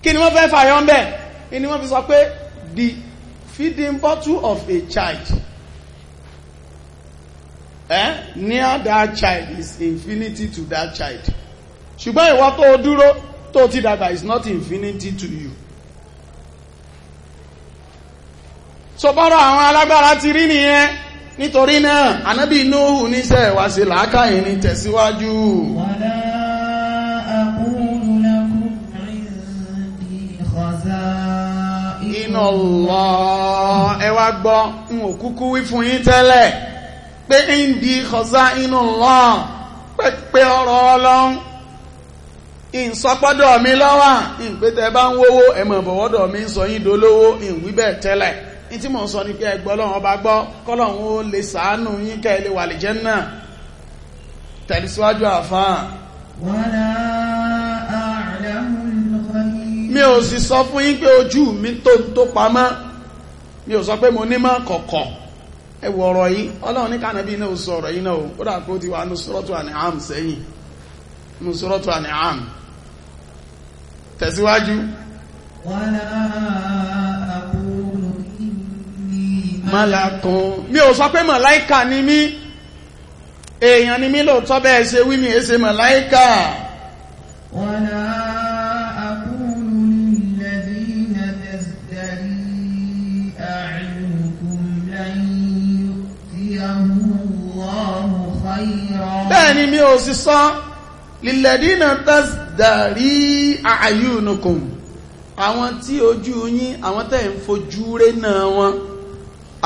kí ni wọ́n fẹ́ fàyọ́ ń bẹ̀ ni wọ́n fi sọ pé the feeding bottle of a child eh? near that child is infinity to that child ṣùgbọ́n ìwọ tó dúró tó ti dàgbà is not infinity to you so bọ́rọ̀ àwọn alágbára ti rí nìyẹn nítorí náà anábì nóhù níṣẹ́ wà ṣe làákàyè ní tẹ̀síwájú iná lọ ẹ wá gbọ́ n ò kúkú wí fún yín tẹ́lẹ̀ pé ń di kọ̀sá inú lọ pẹ́pẹ́ ọ̀rọ̀ ọlọ́run ìsọpọ́dọ̀ mi lọ́wà ìpẹ́tẹ̀ bá ń wówó ẹ̀mọ̀ mi ń sọ yín dolówó ìwíbẹ̀ tẹ́lẹ̀ ní tí sọ ní pé ọba gbọ́ kọ́lọ́run ó lè sàánú yín kẹ́ wà lè jẹ́ náà àfáà mi ò sì sọ fún yín pé ojú mi tó tó mi ò sọ pé mo nímọ̀ kọ̀kọ̀ ọ̀rọ̀ yìí ọlọ́run ní sọ ọ̀rọ̀ yìí náà ó malakun mi ò sọ pé màláìkà ni mí èèyàn ni mí lóòótọ́ bẹ́ẹ̀ ṣe wí mi èé ṣe màláìkà. wàlá àkúrú lẹ́dínà tẹ̀sítẹ́rì àìlùkùn lẹ́yìn tí a mú ni mi ò sì sọ lílẹ̀dínà tẹ̀sítẹ́rì àìlùkùn àwọn tí ojú yín àwọn tẹ̀ ń fojú rẹ́ náà wọn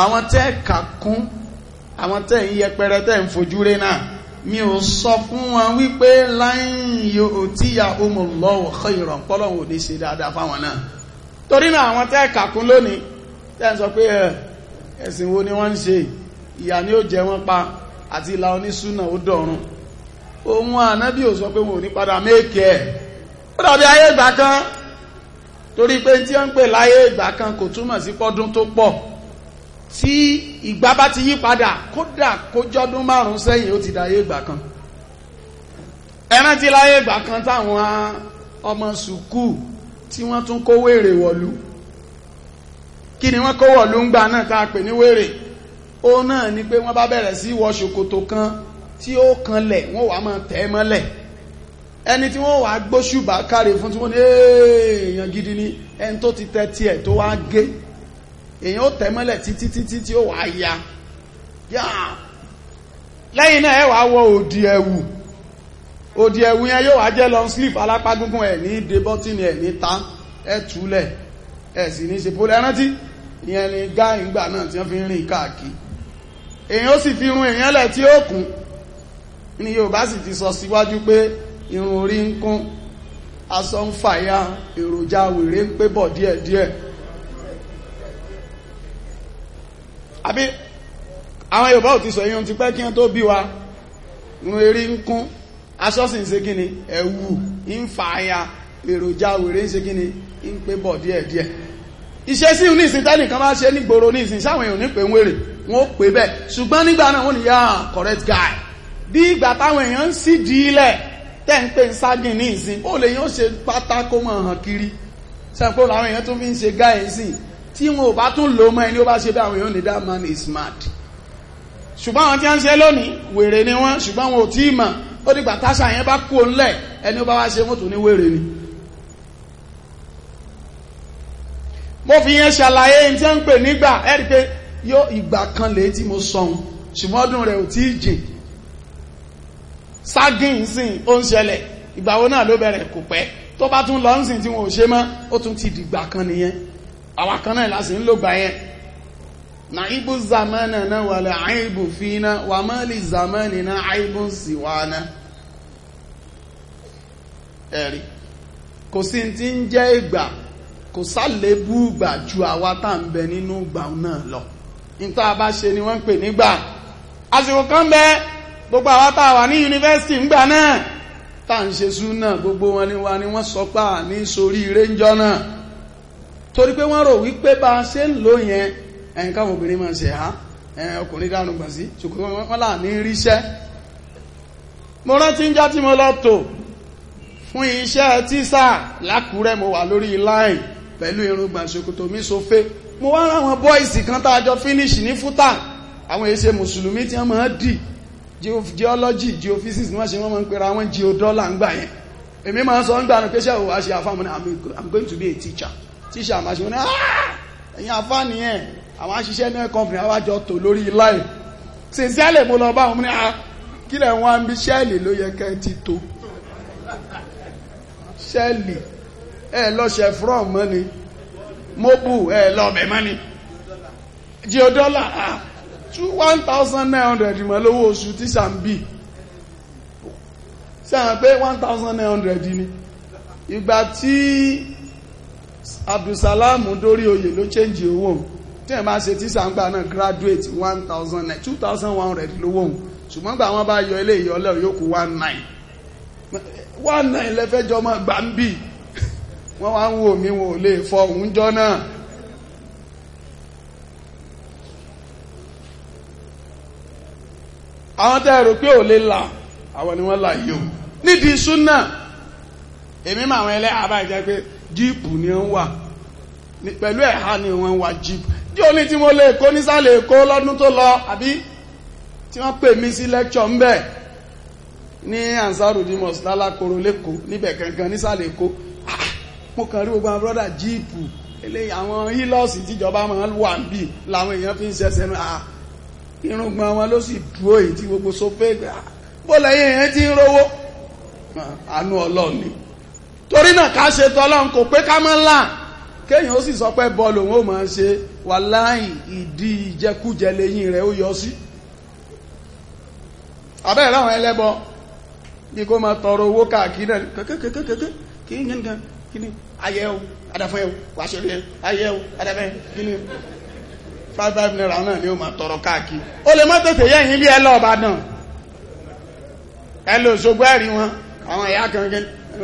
àwọn tẹ́ kà kún àwọn tẹ́ ń yẹpẹrẹ tẹ́ ń fojú rẹ náà mi ò sọ fún wọn wípé láyìn yóò tíya umullahu khayran pọ́lọ́hùn ò ní ṣe dáadáa fáwọn náà torí náà àwọn tẹ́ kà kún lónìí tẹ́ ń sọ pé ẹ̀sìn wo ni wọ́n ń ṣe ìyà ni ó jẹ wọ́n pa àti ìlà onísúnà ó dọ̀run ohun ànábì ò sọ pé wọn ò ní padà méèkẹ́ ẹ̀ ó dàbí ayé ìgbà kan torí pé tí ń pè láyé ìgbà kan kò túmọ̀ sí pọ́dún tó pọ̀ tí ìgbà bá ti yí padà kódà kójọ́dún márùn-ún sẹ́yìn ó ti dáyé ìgbà kan ẹran ti láyé ìgbà kan táwọn ọmọ sùkúù tí wọ́n tún kó wèrè wọ̀lú kí ni wọ́n kó wọ̀lú ń gbà náà tá a pè ní wèrè ó náà ni pé wọ́n bá bẹ̀rẹ̀ sí wọ ṣòkòtò kan tí ó kanlẹ̀ wọ́n wàá máa tẹ̀ mọ́lẹ̀ ẹni tí wọ́n wàá gbóṣùbà káre fún tí wọ́n ní èèyàn gidi ni ẹni tó ti tẹ́ tiẹ̀ tó wá gé èyàn ó tẹ̀ mọ́lẹ̀ títí títí tí ó wà ya lẹ́yìn náà ẹ wàá wọ òdì ẹ̀wù òdì ẹ̀wù yẹn yóò wá jẹ́ long sleeve alápá gúngún ẹ̀ ní de bọ́tìnì ẹ̀ ní ta ẹ̀ túlẹ̀ ẹ̀ sì ní ṣe polo rántí ìyẹn ni gáì ńgbà náà tí wọ́n fi ń rìn káàkiri èyàn ó sì fi irun èyàn lẹ̀ tí ó kún ní Yorùbá sì ti sọ síwájú pé irun orí ń kún aṣọ ń fàya èròjà wèrè ń pé bọ̀ díẹ̀díẹ̀ àbí àwọn Yorùbá ò ti sọ èyàn ti pẹ́ kí wọ́n tó bí wa nù eré ń kún asọ́sìn ṣe kí ni ẹ̀wù ń fa aya èròjà wèrè ń ṣe kí ni ń pé bọ̀ díẹ̀díẹ̀ iṣẹ́ sí ní ìsìn tẹ́lì kan bá ṣe ní gbòòrò ní ìsìn sáwọn èèyàn ní wèrè wọ́n pè bẹ́ẹ̀ ṣùgbọ́n nígbà náà wọ́n ní yá correct guy bí ìgbà táwọn èèyàn ń sì di ilẹ̀ tẹ́ ń pè ń ságìn ní ìsìn ó lè yàn ṣe pátákó mọ̀ hàn kiri ṣe pé làwọn èèyàn tó fi ń ṣe gáyẹ̀ sí tí wọn ò bá tún lò mọ́ ẹni ó bá ṣe bí àwọn èèyàn ní that man is mad ṣùgbọ́n àwọn tí a ń ṣe lónìí wèrè ni wọ́n ṣùgbọ́n wọn ò tí ì mọ̀ ó dìgbà táṣà yẹn bá kó ńlẹ̀ ẹni ó bá wá ṣe mọ́tò ní wèrè ni mo fi yẹn ṣàlàyé ní tí a ń pè nígbà ẹ pé yóò ìgbà kan lè tí mo sọ̀hún ṣùgbọ́n ọdún rẹ̀ ò tí ì jìn ságìn sìn ó ń ṣẹlẹ̀ ìgbà wo náà ló bẹ̀rẹ̀ kò pẹ́ tó bá tún lọ tí wọn ò ṣe mọ́ ó tún ti dìgbà kan nìyẹn àwa kan náà lásì ń lò gbà yẹn na ibu Zamani na wàlẹ̀ àìbù fina wà má zamani na àìbù sì wà ná ẹ̀rí kò sí ti ń jẹ́ ìgbà kò sálébú ìgbà ju àwa tá ń bẹ nínú ìgbà náà lọ bá ṣe ni wọ́n ń pè nígbà àsìkò kan bẹ gbogbo àwa tá a wà ní yunifásitì ńgbà náà tá à ń ṣe gbogbo wọn ni wa ni sọ pé à ní sórí ire ń jọ náà torí pé wọ́n rò wípé bá a ṣe ń lò yẹn ẹ̀yìn káwọn obìnrin máa ṣe há ọkùnrin dánú gbọ̀n sí ṣùgbọ́n wọ́n là ní ríṣẹ́ mo rántí ń já tí mo lọ tò fún iṣẹ́ tíṣà lákùúrẹ́ mo wà lórí line pẹ̀lú irun gbọ̀n ṣòkòtò mi sofe mo wá ráwọn bọ́ìsì kan tá a jọ finish ní fúta àwọn èsè mùsùlùmí tí wọ́n máa dì geology geophysics ni wọ́n ṣe wọ́n máa ń pera wọ́n geodọ́là ń gbà yẹn èmi máa ń sọ ń gbà pé ṣe àwọn àṣẹ àfàmù I'm going to be a teacher tíṣà àmàṣe wọn ni ah! ẹ̀yin àfáàní ẹ̀ àwọn aṣiṣẹ́ ní ẹ̀kọ́fìnrin àwájọ tò lórí láì sincerely mo lọ bá wọn ní ah, kílẹ̀ wọn ń bí ṣẹ́ẹ̀lì ló yẹ kẹ́ ti tó ṣẹ́ẹ̀lì ẹ̀ lọ́ṣẹ̀ from mọ́ni mọ́bù ẹ̀ lọ́bẹ̀ mọ́ni jíọdọ́là ah, two one thousand nine hundred mọ́ lówó oṣù tíṣà ń bì sẹ́wọ̀n pé one thousand nine hundred ni ìgbà tí Abdulsalam dórí oyè ló change owó tí ẹ̀ máa ṣe tíṣà ń gbà náà graduate one thousand two thousand one hundred lówó òun ṣùgbọ́n gbà wọ́n bá yọ ilé ìyọlẹ̀ yóò kú one nine one nine lẹ́fẹ́ jọmọ́ gbà ń bì wọ́n wá ń wò mí wọn ò lè fọ òun jọ náà. àwọn tẹ́ rò pé ò lè là àwọn ni wọ́n là yìí o nídìí súnà èmi máa wọn ẹlẹ́ àbá ìjẹ́ pé jíìpù ni wọ́n wà pẹ̀lú ẹ̀há ni wọ́n wà jíìpù tí ó ní tí mo lè kó nísàlẹ̀ èkó lọ́dún tó lọ àbí tí wọ́n pè mí sí lẹ́kṣọ̀ ń bẹ̀ ní ansarudimos lálàkóró lẹ́kọ̀ọ́ níbẹ̀ kankan nísàlẹ̀ èkó ah, mo kàn rí gbogbo àwọn brọ́dà jíìpù eléyìí àwọn hílọ́ọ̀sì tíjọba máa ń wà ń bì làwọn èèyàn fi ń ṣẹṣẹ nù à ah, irùngbọ̀n wọn ló sì dúró èyí tí gbogbo sọ pé ah, bó lẹ́yìn èèyàn ti ń rówó àánú ọlọ́ọ̀ni torí náà ká ṣe tọ́lọ́n kò pé ká mọ́ ńlá kéèyàn ó sì sọ pé bọ́ọ̀lù òun ó máa ṣe wàláhì ìdí ìjẹkújẹ lẹ́yìn rẹ̀ ó yọ sí abẹ́rẹ́ láwọn ẹlẹ́bọ ní kó máa tọrọ owó káàkiri náà kẹ́kẹ́kẹ́kẹ́kẹ́ kí ní kí ni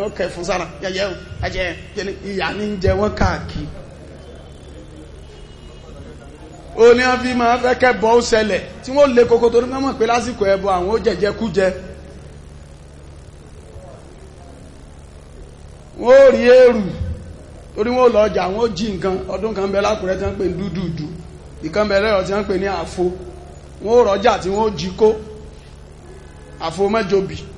ó kẹ fún sára yẹyẹ ẹjẹ ní jẹ ní fi ma fẹ́ ó sẹlẹ̀ tí wọ́n lè kókó torí pé lásìkò ẹbọ àwọn ó jẹjẹ jẹ wọ́n ó rí èrù torí wọ́n lọ ọjà ó jí nǹkan ọdún kan bẹ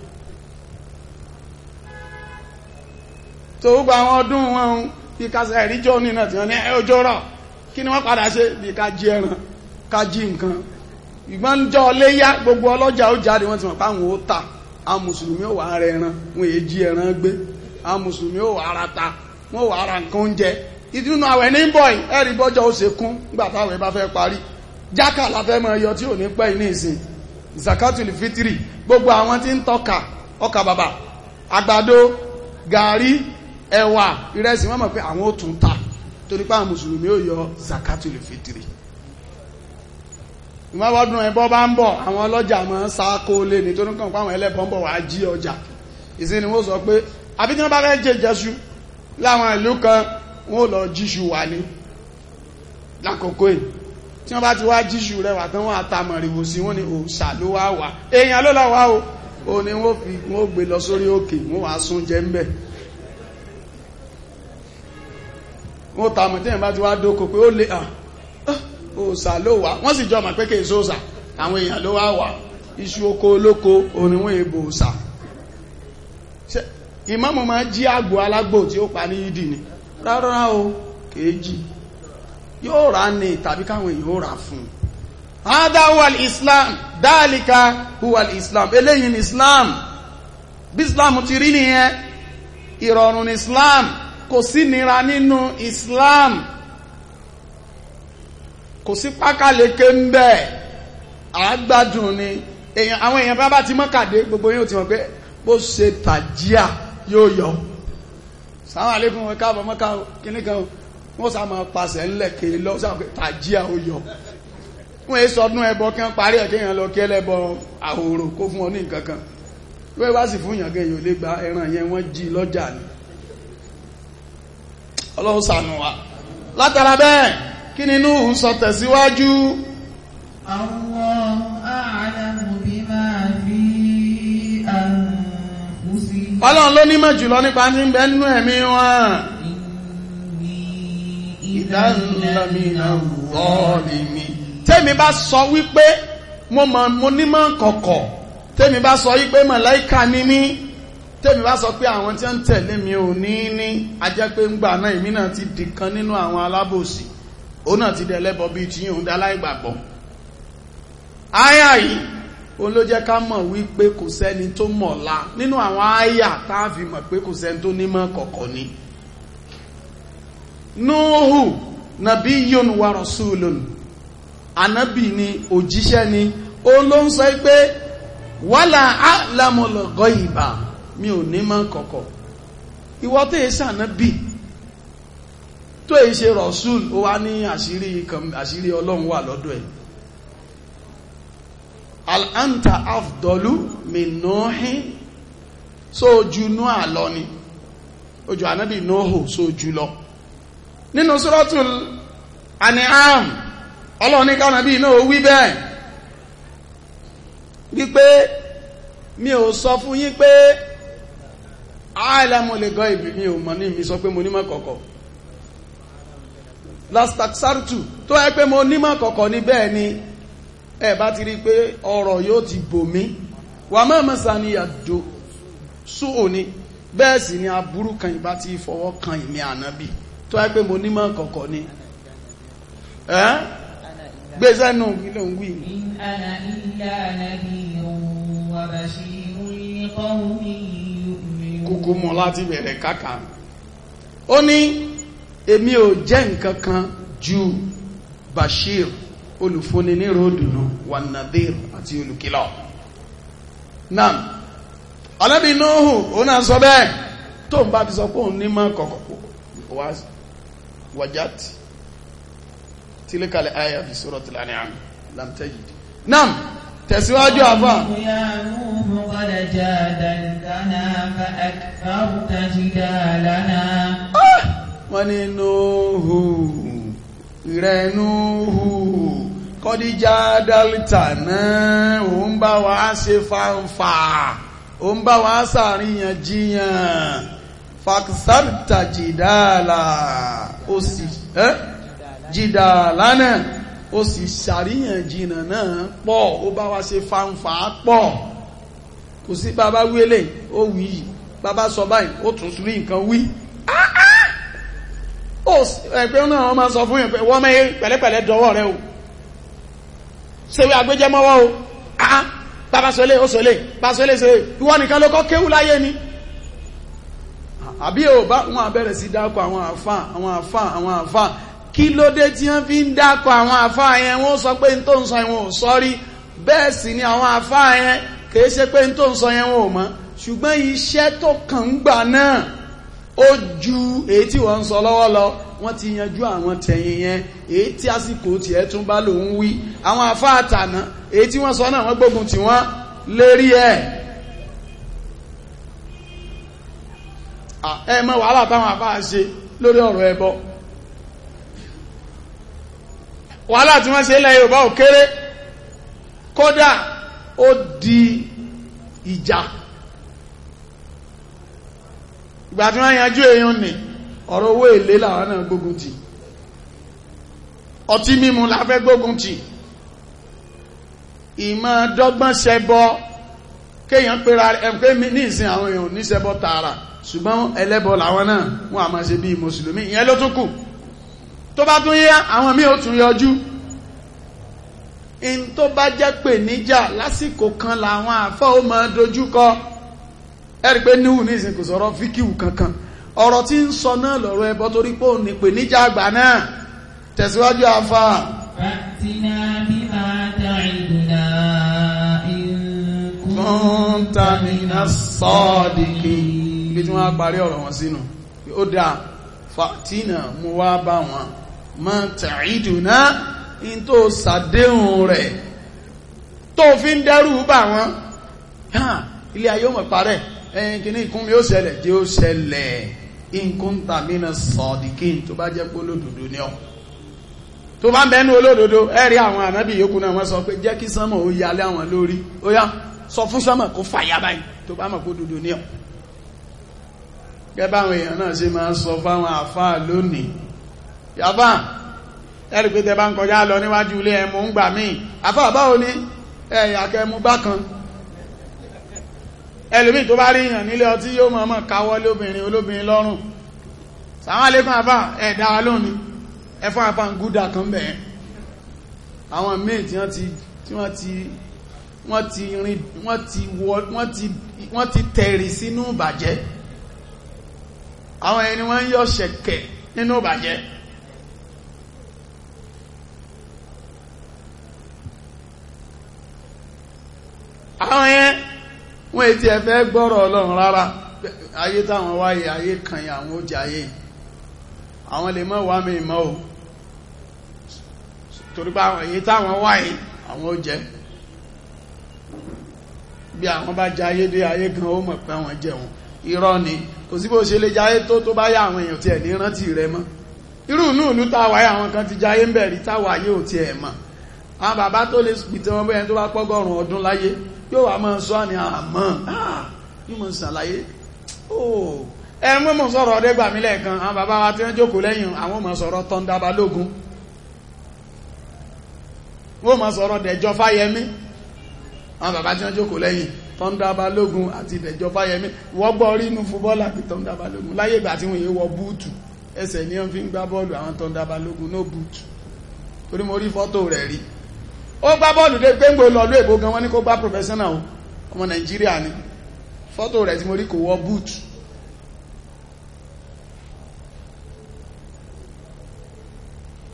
so gbogbo àwọn ọdún wọn bí ká sẹ ìríjọ́ nínú tí wọ́n ní ọjọ́ rọ̀ kí ni wọ́n padà ṣe bí ká jí ẹran ká jí nǹkan ìgbọ́n jọ gbogbo ọlọ́jà ó jáde wọ́n ti mọ̀ páwọn ó ta mùsùlùmí ó wà ara ẹran wọn èé jí ẹran gbé àwọn mùsùlùmí ó wà ara ta wọn wà ara nǹkan oúnjẹ ìdúnnú àwẹ̀ ní ẹ̀rí bọ́jọ́ ó ṣe kún táwẹ̀ bá fẹ́ parí mọ ẹyọ tí ò ní pẹ́ gbogbo àwọn tí ń tọ́ka ọkà bàbà ẹ̀wà ìrẹsì wọ́n mọ̀ pé àwọn ó tún ta torí pé àwọn mùsùlùmí ó yọ zakatul fitri ìmọ̀bọ́dún ẹbọ bá ń bọ̀ àwọn ọlọ́jà mọ́ sáàkó lè ní tó ní kàn pàwọn ẹlẹ́bọ̀n bọ̀ wá jí ọjà ìsìn ni wọ́n sọ pé àbí bá fẹ́ jẹ jẹṣu láwọn ìlú kan wọ́n ni òòṣà ló wá wà èèyàn ló lọ wá o ò ní wọ́n fi wọ́n gbé lọ sórí òkè wọ́n wá sún wọ́n ta mọ̀ tí èèyàn bá ti wá dóko pé ó lè hàn ah, òòsà ló wà wọ́n sì jọ mọ̀ pé kèé sóòsà àwọn èèyàn ló wá wà iṣu oko olóko oníwọ̀n èbò òòsà ìmáàmù máa jí àgbò alágbò tí ó pa ní yídì ni rárá o kèé yóò rà ní tàbí káwọn èèyàn ó rà fún un islam dálíka huwal islam eléyìí islam bí islam ti rí nìyẹn ìrọ̀rùn islam kò sí nira nínú Islam kò sí pákàleke ń bẹ àágbádùn ni èèyàn àwọn èèyàn bá bá ti mọ́kàdé gbogbo yóò ti mọ̀ pé bó ṣe tàjíà yóò yọ sáwọn àlékún wọn káàbọ̀ mọ́ká kíní kan wọ́n sá máa pàṣẹ ńlẹ̀ kiri lọ sáwọn pé tàjíà ó yọ wọ́n èé sọdún ẹbọ kí wọ́n parí ẹ̀ kí èèyàn lọ kí ẹlẹ́bọ àhòrò kó fún ọ ní nǹkan kan wọ́n wá sì fún èèyàn gan èèyàn lè gba ẹran yẹn wọ́n jí lọ́jà ni ọlọ́run ṣàánú wa látara bẹ́ẹ̀ kí ni Nuhu sọ tẹ̀síwájú ọlọ́run ló nímọ̀ jùlọ nípa ní bẹ́ nínú ẹ̀mí wọn ìdánilẹ́mìnà rọ́ọ̀lì mi tẹ́mi bá sọ wípé mo nímọ̀ kọ̀kọ̀ tẹ́mi bá sọ wípé màláíkà ni mí tẹ́mi bá sọ pé àwọn tí ó ń tẹ̀lé mi ò ní ní ajẹ́ pé ń gbà náà èmi náà ti di kan nínú àwọn alábòsí òun náà ti dẹ̀lẹ́bọ̀ bíi tí yóò ń daláìgbàgbọ́ áyà yìí òun ló jẹ́ ká mọ̀ wípé kò sẹ́ni tó mọ̀ la nínú àwọn áyà tá a fi mọ̀ pé kò sẹ́ni tó nímọ̀ kọ̀kọ̀ ni Nuhu nàbí yón wa rasulun ànábì ni òjíṣẹ́ ni òun ló ń sọ pé wàlà àlàmọ̀lọ̀gọ́ ìbà mi ò ní mọ̀ kọ̀kọ̀ ìwọ tó yẹ sànábì tó yẹ ṣe rọ̀ṣùl ó wá ní àṣírí ọlọ́run wà lọ́dọ̀ ẹ̀ al'anta afdolu minohi sójú náà lọ ni ojú ànábì nóhù sójú lọ nínú suratul An'am ọlọ́run ní kánàbí náà wí bẹ́ẹ̀ wípé mi ò sọ fún yín pé àìlẹ́mọ̀ lè gọ́ ìbí mi ò mọ̀ ní mi sọ pé mo nímọ̀ kọ̀kọ̀ lastaxartu tó ẹ pé mo nímọ̀ kọ̀kọ̀ ní bẹ́ẹ̀ ni ẹ bá ti rí pé ọ̀rọ̀ yóò ti bò mí wà mọ́mọ́ sani àjò sú òní bẹ́ẹ̀ sì ni aburú kan ìbá ti fọwọ́ kan ìmì ànábì tó ẹ pé mo nímọ̀ kọ̀kọ̀ ni ẹ́ kúkú mú láti bẹ̀rẹ̀ káka ó ní èmi ò jẹ́ nǹkan ju bashir olùfúnni ní ròdùnú wà nadir àti olùkìlọ̀ náà ọlẹ́bí nóhù ó náà sọ bẹ́ẹ̀ tó ń bá ti sọ pé òun ní mọ́ kọ̀kọ̀ wájátì tílékalẹ̀ ayé àfi suratul an'am lam tajid náà tẹ̀síwájú àfà ah, wọ́n ní nóòhù ìrẹnúhù kọ́díjá dálítà náà òun bá wa ṣe fàǹfà òun bá wa ṣàríyànjiyàn fàkìsàrìtà jìdáàlà ó sì jìdáàlà náà ó sì ṣàríyànjiyàn náà pọ̀ ó bá wa ṣe fanfà pọ̀ kò sí bàbá wílé ó wí yìí bàbá sọ báyìí ó tún sí nǹkan wí ó ẹgbẹ́ náà wọ́n máa sọ fún yẹn pé wọ́n mẹ́yẹ pẹ̀lẹ́pẹ̀lẹ́ dọwọ́ rẹ o ṣèwé àgbéjẹmọ́wọ́ o bàbá sọlé ó sọlé bàbá sọlé sọlé ìwọ nìkan ló kọ́ kéwú láyé ni àbí ò bá wọn àbẹ̀rẹ̀ sí dákọ̀ àwọn àfà àwọn àfà àwọn àfà kí ló dé tí wọ́n fi ń dákọ̀ àwọn àfáà yẹn wọ́n sọ pé n tó ń sọ yẹn wọn ò sọ́rí bẹ́ẹ̀ sì ni àwọn àfáà yẹn kìí ṣe pé n tó ń sọ yẹn wọn ò mọ̀ ṣùgbọ́n iṣẹ́ tó kàn ń gbà náà ó ju èyí tí wọ́n ń sọ lọ́wọ́ lọ wọ́n ti yanjú àwọn tẹ̀yìn yẹn èyí tí àsìkò tiẹ̀ tún bá lòun wí àwọn àfáà tàná èyí tí wọ́n sọ náà wọ́n gbógun tì wọ́n lérí ẹ̀ ẹ mọ̀ wàhálà táwọn àfáà ṣe lórí ọ̀rọ̀ ẹbọ wàhálà tí wọ́n ṣe ilẹ̀ Yorùbá ò kéré kódà ó di ìjà ìgbà tí wọ́n yanjú èèyàn nì ọ̀rọ̀ owó èlé làwọn náà gbógun tì ọtí mímu la fẹ́ gbógun tì ìmọ̀ dọ́gbọ́n ṣẹbọ kéèyàn pera ẹ̀fẹ́ ní ìsìn àwọn èèyàn ní ṣẹbọ tààrà ṣùgbọ́n ẹlẹ́bọ làwọn náà wọ́n á ṣe bí mùsùlùmí ìyẹn ló tún kù tó bá tún yá àwọn míì ó tún yọjú in tó bá jẹ́ pé níjà lásìkò kan làwọn àfọ́ ó máa dojúkọ ẹ̀rí pé níhù ní ìsìnkú sọ̀rọ̀ fíkìwù kankan ọ̀rọ̀ tí ń sọ náà lọ́rọ̀ ẹbọ torí pé òun ní níjà àgbà náà tẹ̀síwájú àfa. fàtínà bí máa dá ìdùnnà kúntàmínà sọ́ọ̀dìkì ibi tí wọ́n á parí ọ̀rọ̀ wọn sínú ó dáa fàtínà mú wá bá wọn ma ta'iduna in tó sàdéhùn rẹ̀ tó fi ń dẹ́rù bà wọ́n hàn ilé ayé mọ̀ parẹ́ ẹ̀yìn kìíní ìkún mi ó ṣẹlẹ̀ tí ó ṣẹlẹ̀ ìkúntà mínà sọ̀dìkì tó bá jẹ́ pé olódodo ni ọ tó bá ń bẹ́nu olódodo ẹ̀rí àwọn ànábì yòókù náà wọ́n sọ pé jẹ́ kí sánmọ̀ ó yalé àwọn lórí ó yá sọ fún sánmọ̀ kó fàyà báyìí tó bá mọ̀ pé olódodo ni ọ gẹ́gẹ́ báwọn èèyàn náà ṣe máa ń sọ fáwọn àfáà lónìí yàbá ẹ̀rì pé tẹbá ń kọjá lọ níwájú ilé ẹmú ń gbà míì àfáà báwo ni ẹ̀yà kẹmú bá kan ẹlòmí tó bá rí yàn nílé ọtí yóò mọ̀ mọ̀ káwọ́ lóbìnrin olóbìnrin lọ́rùn sàwọn àlékún àfáà ẹ̀dá wa lónìí ẹfọ́ àfáà ń gúdà kan bẹ̀ẹ́ àwọn míì tí wọ́n ti tí wọ́n ti wọ́n ti rìn wọ́n ti wọ́ wọ́n ti wọ́n ti tẹ̀rì sínú ìbàjẹ́ àwọn ẹni wọ́n ń yọ̀ ṣẹ̀kẹ̀ nínú ìbàjẹ́ àwọn yẹn wọ́n ètí ẹ̀fẹ́ gbọ́rọ̀ ọlọ́run rárá ayé táwọn wáyé ayé kan yà àwọn ojà ayé àwọn lè mọ́ wá mi mọ́ o torípa èyí táwọn wáyé àwọn oúnjẹ bí àwọn bá jẹ ayé dé ayé kan ó mọ̀ pé àwọn jẹun irọ́ ni kò sí bó ṣe lè jayé tó tó bá yá àwọn èèyàn tiẹ̀ ní rántí rẹ mọ́ irú inú ìlú táwàá àwọn kan ti jayé ń bẹ̀rí táwàá yóò tiẹ̀ mọ̀ àwọn bàbá tó lè pìtẹ́ wọn bẹ́ẹ̀ tó bá pọ́gọ́rùn-ún ọdún láyé yóò wà mọ́ sọ ní àmọ́ ah, ah, yóò mọ́ sàlàyé oh, ẹ mọ́ mọ́ sọ̀rọ̀ ọdẹ́gbà mi lẹ́ẹ̀kan àwọn bàbá wa tí wọ́n jókòó lẹ́yìn àwọn mọ́ sọ̀rọ̀ Tọ́ndá Balógun wọ́n mọ́ sọ̀rọ̀ Dẹ̀jọ́ Fáyẹmí àwọn bàbá tí wọ́n jókòó lẹ́yìn Tọ́ndá Balógun àti Dẹ̀jọ́ Fáyẹmí wọ́gbọ́ rí inú fúbọ́ọ̀lù àti Tọ́ndá Balógun láyé ìgbà tí wọ́n yé wọ búùtù ẹsẹ̀ ni wọ́n fi ń gbá bọ́ọ̀lù àwọn Tọ́ndá Balógun no búùtù torí mo rí fọ́tò rẹ̀ rí ó gbá bọ́ọ̀lù dé gbéngbò lọ́lú èbó gan wọ́n ní kó gbá professional ọmọ nàìjíríà ni fọ́tò rẹ̀ tí mo rí kò wọ boot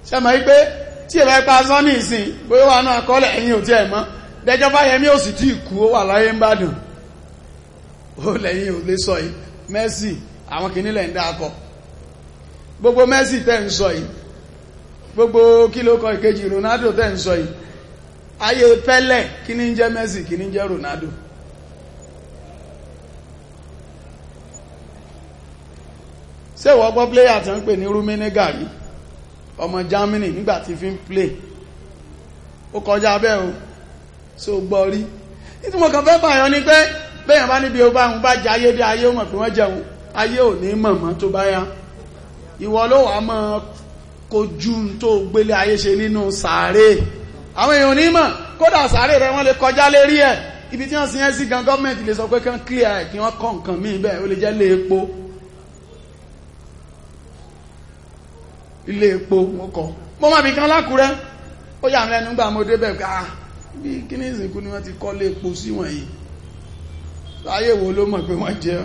ṣẹ́mọ̀ wípé tí ẹ̀rọ ipa sọ ní ìsìn bóyá wà náà kọ́lẹ̀ ẹ̀yìn òtí ẹ̀ mọ́ dẹjọ́ fáyẹmí ò sì tí ìkú ó wà láyé ń gbogbo tẹ́ ń sọ gbogbo ìkejì Ronaldo tẹ́ ń sọ ayé pẹ́lẹ̀ kí ní jẹ́ Messi kí ní jẹ́ Ronaldo ṣé ìwọ gbọ́ pléyà tó ń pè ní Rummenigge rí ọmọ Germany nígbà fi ń play ó kọjá bẹ́ẹ̀ o so gbọ́ rí nítorí mo kàn fẹ́ bàyọ́ ni pé bẹ́yàn bá níbi ọba àwọn bá jẹ ayé dé ayé ó mọ̀ pé wọ́n jẹun ayé ò ní mọ̀mọ́ tó bá yá ìwọ ló wàá mọ́ kojú tó gbélé ayé ṣe nínú sàárè àwọn èèyàn onímọ̀ kódà sàárè rẹ̀ wọ́n lè kọjá lérí ẹ̀ ibi tí wọ́n sin ẹ́ sí gan gọ́ọ̀mẹ̀ntì lè sọ pé kán clear ẹ̀ kí wọ́n kọ́ nǹkan míì bẹ́ẹ̀ ó lè jẹ́ lé epo ilé epo mo kọ́ mo mọ̀ bí kan lákùrẹ́ ó yà mí lẹ́nu gbà mo débẹ̀ pé ah bí kíní ìsìnkú ni wọ́n ti kọ́ lé epo sí wọ̀nyí láyé wo ló mọ̀ pé wọ́n jẹ́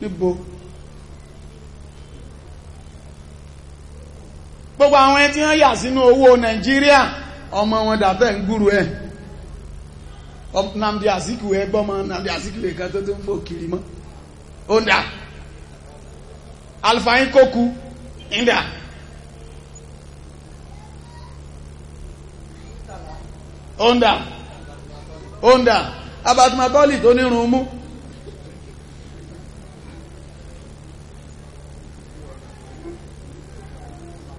níbo gbogbo àwọn ẹni tí wọ́n yà sínú owó Nàìjíríà ọmọ wọn dàtẹ́ ń gúrú ẹ̀ Nnamdi Azikiwe ẹgbọ́mọ Nnamdi Azikiwe kan tó tó ń fò kiri mọ́ ó ń dà Alfa Ikoku ń dà ó ń dà ó ń dà abatumabọ́ọ̀lì tó nírun mú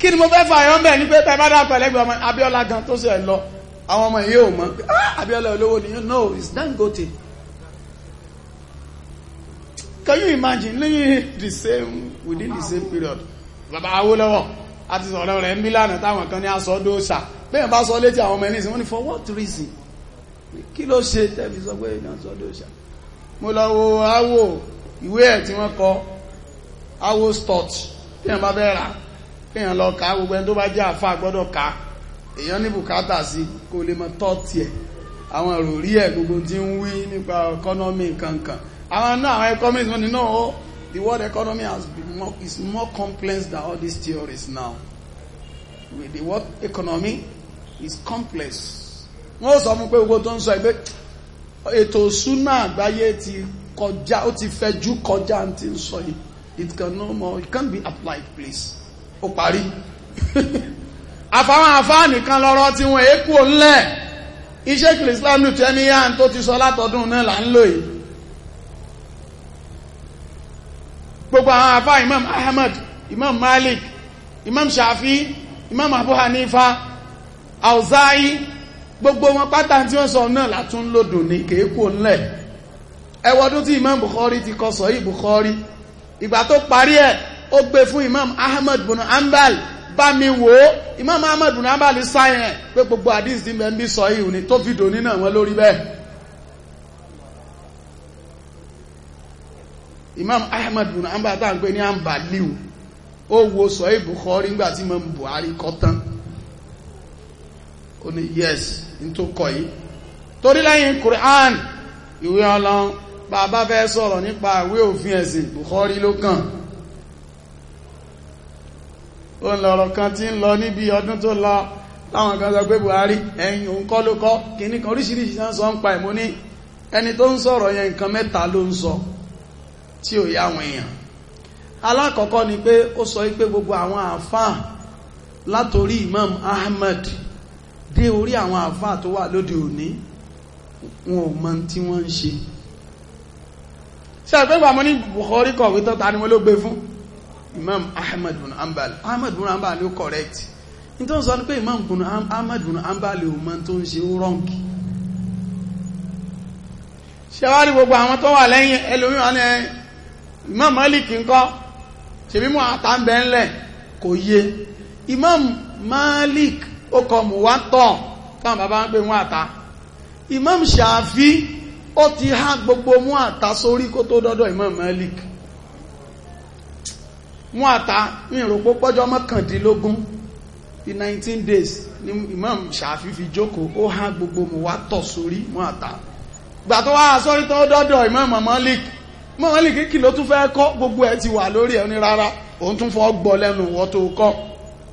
kí ni mo fẹ́ fà yọ́ mẹ́ ní pé tẹ́ bá dàpọ̀ ẹlẹ́gbẹ̀ẹ́ ọmọ Abíọ́lá gan tó sì ẹ̀ lọ àwọn ọmọ yìí ò mọ̀ ah, Abíọ́lá olówó ni no it's Dangote can you imagine lẹ́yìn the same within the same period bàbá Awólọ́wọ̀ àti sọ̀rọ̀ rẹ̀ mílànà táwọn kan ní asọ́dọ́sà bẹ́ẹ̀ bá sọ létí àwọn ọmọ ẹni sí wọ́n ní for what reason kí ló ṣe tẹ́bí sọ pé ìdán sọ́dọ̀ òṣà mo lọ wo awo ìwé ẹ̀ tí wọ́n kọ awo stott tí wọ́n bá bẹ́ ra kéèyàn lọ ká gbogbo ẹni tó bá jẹ́ àfà gbọ́dọ̀ ká èèyàn ní bùkátà sí kó lè mọ tọ́ọ̀tì ẹ̀ àwọn òròrí ẹ̀ gbogbo tí ń wí nípa economy kankan àwọn náà àwọn economists wọn ni náà ó oh, the world economy has been more, is more complex than all these theories now the world economy is complex wọ́n sọ fún pé gbogbo tó ń sọ ẹgbẹ́ ètò ìṣúná àgbáyé ti kọjá ó ti fẹjú kọjá ti ń sọ yìí it can no more it can't be applied please ó parí àfáwọn àfáà nìkan lọ́rọ̀ tí wọ́n èékù ńlẹ̀ iṣẹ́ kìrìsìlámù tẹ́míyà tó ti sọ látọdún náà là ń lò yìí gbogbo àwọn àfáà imam ahmed imam malik imam shafi imam abu hanifa auza'i gbogbo wọn pátá tí wọ́n sọ náà látún lòdò ní kéèkù ńlẹ̀ ẹwọ́dún tí imam bukhari ti kọ sọ yìí bukhari ìgbà tó parí ẹ̀ ó gbé fún imam ahmed bin ambal bá mi wò ó imam ahmed bin ambal sáyẹn pé gbogbo hadith ti mẹ́bí sọ yìí ní tó fìdò nínú àwọn lórí bẹ́ẹ̀ imam ahmed bin ambal tá à pè ní ambaliu ó wo sọ Bukhari nígbà tí imam buhari kọ tán ó ní yes ní tó kọ yìí torí lẹ́yìn quran ìwé ọlọ́run bàbá fẹ́ sọ̀rọ̀ nípa ìwé òfin ẹ̀sìn Bukhari ló kàn ó ń lọ̀rọ̀ kan tí ń lọ níbi ọdún tó lọ láwọn kan sọ pé Buhari ẹ̀yìn òun kọ́ ló kọ́ kìíní kan oríṣiríṣi sán sọ ń pa ìmú ní ẹni tó ń sọ̀rọ̀ yẹn nǹkan mẹ́ta ló ń sọ tí ò yá àwọn èèyàn alákọ̀ọ́kọ́ ni pé ó sọ pé gbogbo àwọn àáfàá látorí Imam Ahmed dé orí àwọn àáfàá tó wà lóde òní wọn ò mọ tí wọ́n ń ṣe ṣe àgbégbàmọ́ ní Bukhari kọ̀wé tán ta ni wọ́n ló gbé fún imam ahmed bin ambal ahmed bin ambal ló correct ní tó ń sọ ní pé imam ahmed bin ambal ò mọ́ tó ń ṣe ó rọ́ǹkì ṣẹwárí gbogbo àwọn tó wà lẹ́yìn ẹlòmíràn eh, imam malik ńkọ́ ṣe mímú àtàbẹ̀ ńlẹ̀ kò yé imam malik ó kọ mùwátọ̀ táwọn bàbá ń pè wọ́n àta imam shafi o ti há gbogbo mú àta sórí kó tó dọ́dọ̀ imam malik wọ́n àta ìrùpó pọ́jọ́ mọ́kàndínlógún in 19 days ni imam ṣàfi fi jókòó ó há gbogbo mọ̀ wá tọ̀ sórí wọ́n àta gbà tó wá sórí tó dọ́dọ̀ imam malik malik kí ló tún fẹ́ kọ́ gbogbo ẹ̀ ti wà lórí ẹ̀ rárá òun tún fọ́ gbọ́ lẹ́nu wọ́n tó kọ́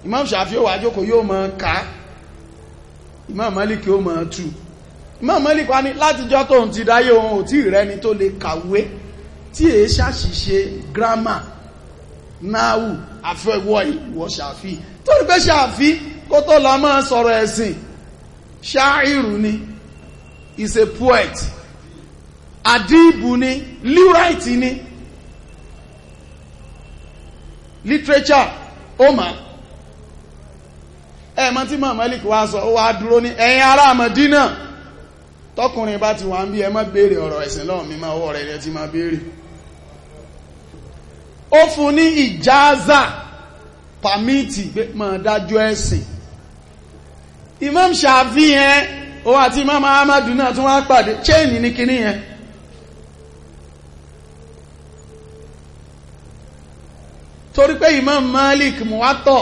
imam ṣàfi ó wá jókòó yóò mọ̀ ká imam malik yóò mọ̀ tú imam malik wá ní látijọ́ tóun ti dáyé òun ò tí ì rẹ́ni tó lè kàwé tí èé ṣàṣìṣe grammar náàwù afẹ́wọ́ ìwọ̀ ṣàfí torí pé ṣàfí kó tó lọ máa sọ̀rọ̀ ẹ̀sìn ṣáàìrù ni is a poet àdìbù ni líràìtì ni literature ó mà ẹ̀mọ́ tí mọ̀ mọ́lìkì wá sọ ó wá dúró ní ẹ̀yin ará Mádínà tọkùnrin bá ti wà ń bí ẹ má béèrè ọ̀rọ̀ ẹ̀sìn lọ́wọ́ mi máa ọwọ́ rẹ̀ rẹ̀ ti máa béèrè ó fún ní ìjáza pàmìtì pé mọ̀ dájọ́ ẹ̀sìn imam ṣàfi yẹn o àti imam ahmadu náà tún wá pàdé chain ní kíní yẹn torí pé imam malik muwatọ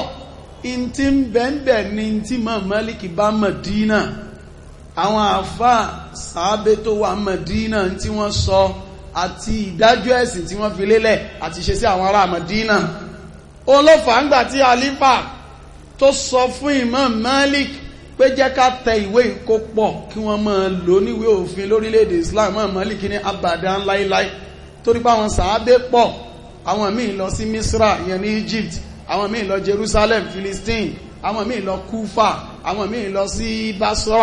ntí ń bẹ̀ẹ̀bẹ̀ ni ntí imam malik bá madina àwọn àáfàá sàábé tó wà madina ntí wọ́n sọ. So, àti ìdájọ́ ẹ̀sìn tí wọ́n fi lélẹ̀ àti ṣe sí àwọn ará Madina olófà ńgbà tí alifa tó sọ fún Imam Malik pé jẹ́ ká tẹ ìwé ìkópọ̀ kí wọ́n máa lò níwèé òfin lórílẹ̀‐èdè Islam Imam Malik ní abadan láíláí torí pé àwọn sàábé pọ̀ àwọn míì lọ sí Misra ìyẹn ní Egypt àwọn míì lọ Jerusalem Philistine àwọn míì lọ Kufa àwọn míì lọ sí Basra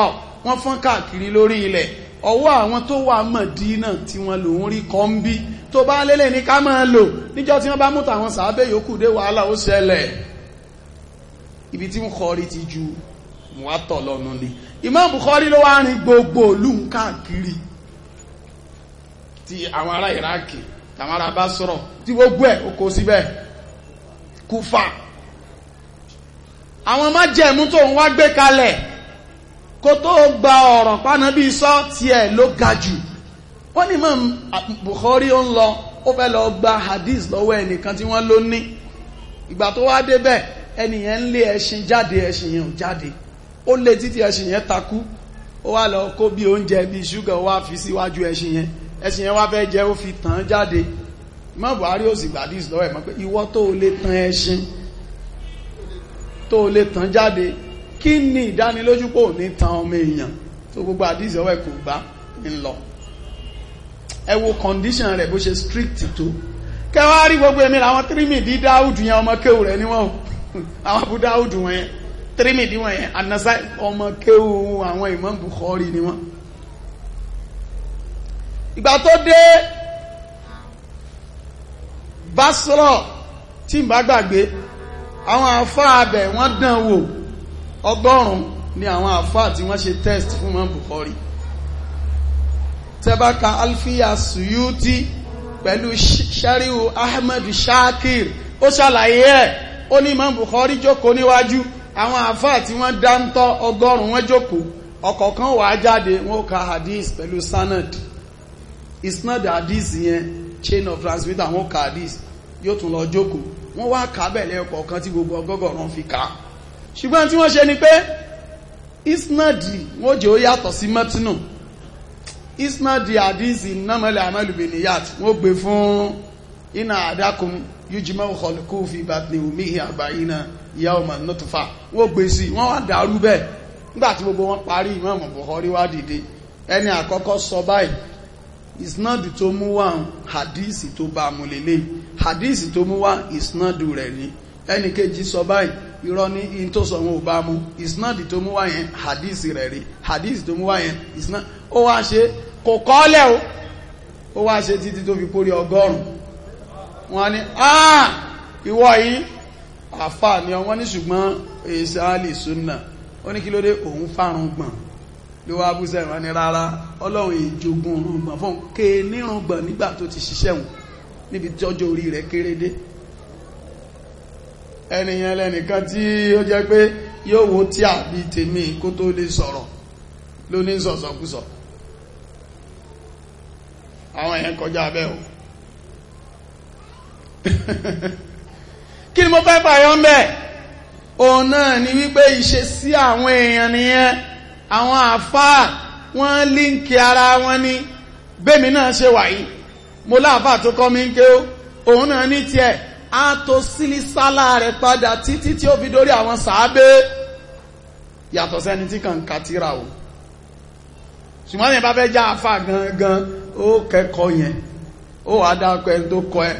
wọ́n fọ́n káàkiri lórí ilẹ̀ ọwọ́ àwọn tó wà Mọ̀dínà tí wọ́n lò ń rí kọ́ ń bí tó bá lélẹ̀ ní ká máa lò níjọ́ tí wọ́n bá mú tàwọn sàábẹ́ yòókù dé wàhálà ó ṣẹlẹ̀ ibi tí ń kọrí ti ju mùwátọ̀ lọ́nu ni Imam Bukhari ló wá rin gbogbo ìlú káàkiri ti àwọn ará Iraki tàwọn ará Basra tí gbogbo ẹ̀ ó kó síbẹ̀ Kúfà àwọn májẹ̀mú tó ń wá gbé kalẹ̀ kó tó gba ọ̀rọ̀ pánábí sọ tiẹ̀ ló ga jù wọ́n ní mọ̀ Bukhari ó ń lọ ó fẹ́ lọ gba hadith lọ́wọ́ ẹnìkan tí wọ́n ló ní ìgbà tó wá débẹ̀ ẹnìyẹn ń lé ẹṣin jáde ẹṣin yẹn ò jáde ó lé títí ẹṣin yẹn takú ó wá lọ kó bí oúnjẹ bí ṣúgà ó wá fi síwájú ẹṣin yẹn ẹṣin yẹn wá fẹ́ jẹ́ ó fi tàn jáde mọ́ Buhari ó sì gba hadith lọ́wọ́ ẹ̀ mọ́ pé ìwọ tó o lè ẹṣin tó o lè jáde kí ni ìdánilójú pò ní tan ọmọ èèyàn tó gbogbo àdíṣẹ́ ọwọ́ ẹ̀kọ́ gbá ń lọ ẹ wo condition rẹ̀ bó ṣe strict tó kẹwàá rí gbogbo èmi làwọn tírímìdì dáúdù yẹn ọmọ kéwù rẹ̀ níwọ̀n àwọn abú dáúdù wọn yẹn tírímìdì wọn yẹn ànásá ọmọ kéwù àwọn Imam Bukhari ni wọn ìgbà tó dé Basra tí n bá gbàgbé àwọn àfáà abẹ wọn dán wò ọgọ́rùn ni àwọn àfáà tí wọ́n ṣe test fún mọ́ Bukhari tẹ́bákà alfiya suyuti pẹ̀lú shari'u ahmed shakir ó ṣàlàyé ẹ̀ ó ní mọ́ Bukhari jókòó níwájú àwọn àfáà tí wọ́n dáńtọ́ ọgọ́rùn wọ́n jókòó ọ̀kọ̀ọ̀kan wà jáde wọ́n ka hadith pẹ̀lú sanad isnad hadith yẹn chain of transmitter wọ́n ka hadith yóò tún lọ jókòó wọ́n wá kà bẹ̀lẹ̀ ọ̀kọ̀ọ̀kan tí gbogbo ọgọ́gọ̀rún fi kà ṣùgbọ́n tí wọ́n ṣe ni pé isnadi wọ́n jẹ́ ó yàtọ̀ sí mẹ́tínù isnadi àdínsì námọ́lẹ̀ àmọ́lùbẹ̀ níyàt wọ́n gbé fún iná àdákùn yújímọ́ ọ̀kọ̀lùkù fi bàtìní omi àgbà iná ìyá ọmọ nọ́tùfà wọ́n gbé sí wọ́n wá dàrú bẹ́ẹ̀ nígbàtí gbogbo wọn parí ime Bukhari dìde ẹni àkọ́kọ́ sọ báyìí isnadi tó ẹnì kejì sọ báyìí irọ́ ní in tó sọ wọn ò bá mu isnad tó mú wá yẹn hadith rẹ̀ rí hadith tó mú wá yẹn isnad ó wá ṣe kò kọ́lẹ̀ o ó wá ṣe títí tó fi pórí ọgọ́rùn-ún wọ́n ní ah ìwọ yìí àfà ni wọ́n ní ṣùgbọ́n èsì alì súnà ó ní kí ló dé òun fárun gbọ̀n ló wá bú sẹ́wọ̀n ní rárá ọlọ́run ìjogun rùngbọ̀n fún kéè nírùngbọ̀n nígbà tó ti ṣiṣẹ́ wọn níbi tọ́jọ́ orí rẹ̀ kéré dé ẹniyàn lẹ́nìkan tí ó jẹ́ pé yóò wo tí àbí tèmi kó tó lè sọ̀rọ̀ ló ní sọ̀sọ̀kúsọ̀ àwọn èèyàn kọjá bẹ́ẹ̀ o kí ni mo fẹ́ fàyọ́ ń bẹ̀ òun náà ni wípé ìṣe sí àwọn èèyàn nìyẹn àwọn àfáà wọ́n líǹkì ara wọn ní bẹ́mi náà ṣe wà yìí mo láàfáà tó kọ́ mi ń ké òun náà ní tiẹ̀ á tó sílísálà rẹ̀ padà títí tí ó fi dórí àwọn sàábé yàtọ̀ sẹ́ni tí kàn ká tíra o ṣùgbọ́n yẹn bá fẹ́ já àfà gangan ó kẹ́kọ̀ọ́ yẹn ó wàá dákọ̀ ẹni tó kọ ẹ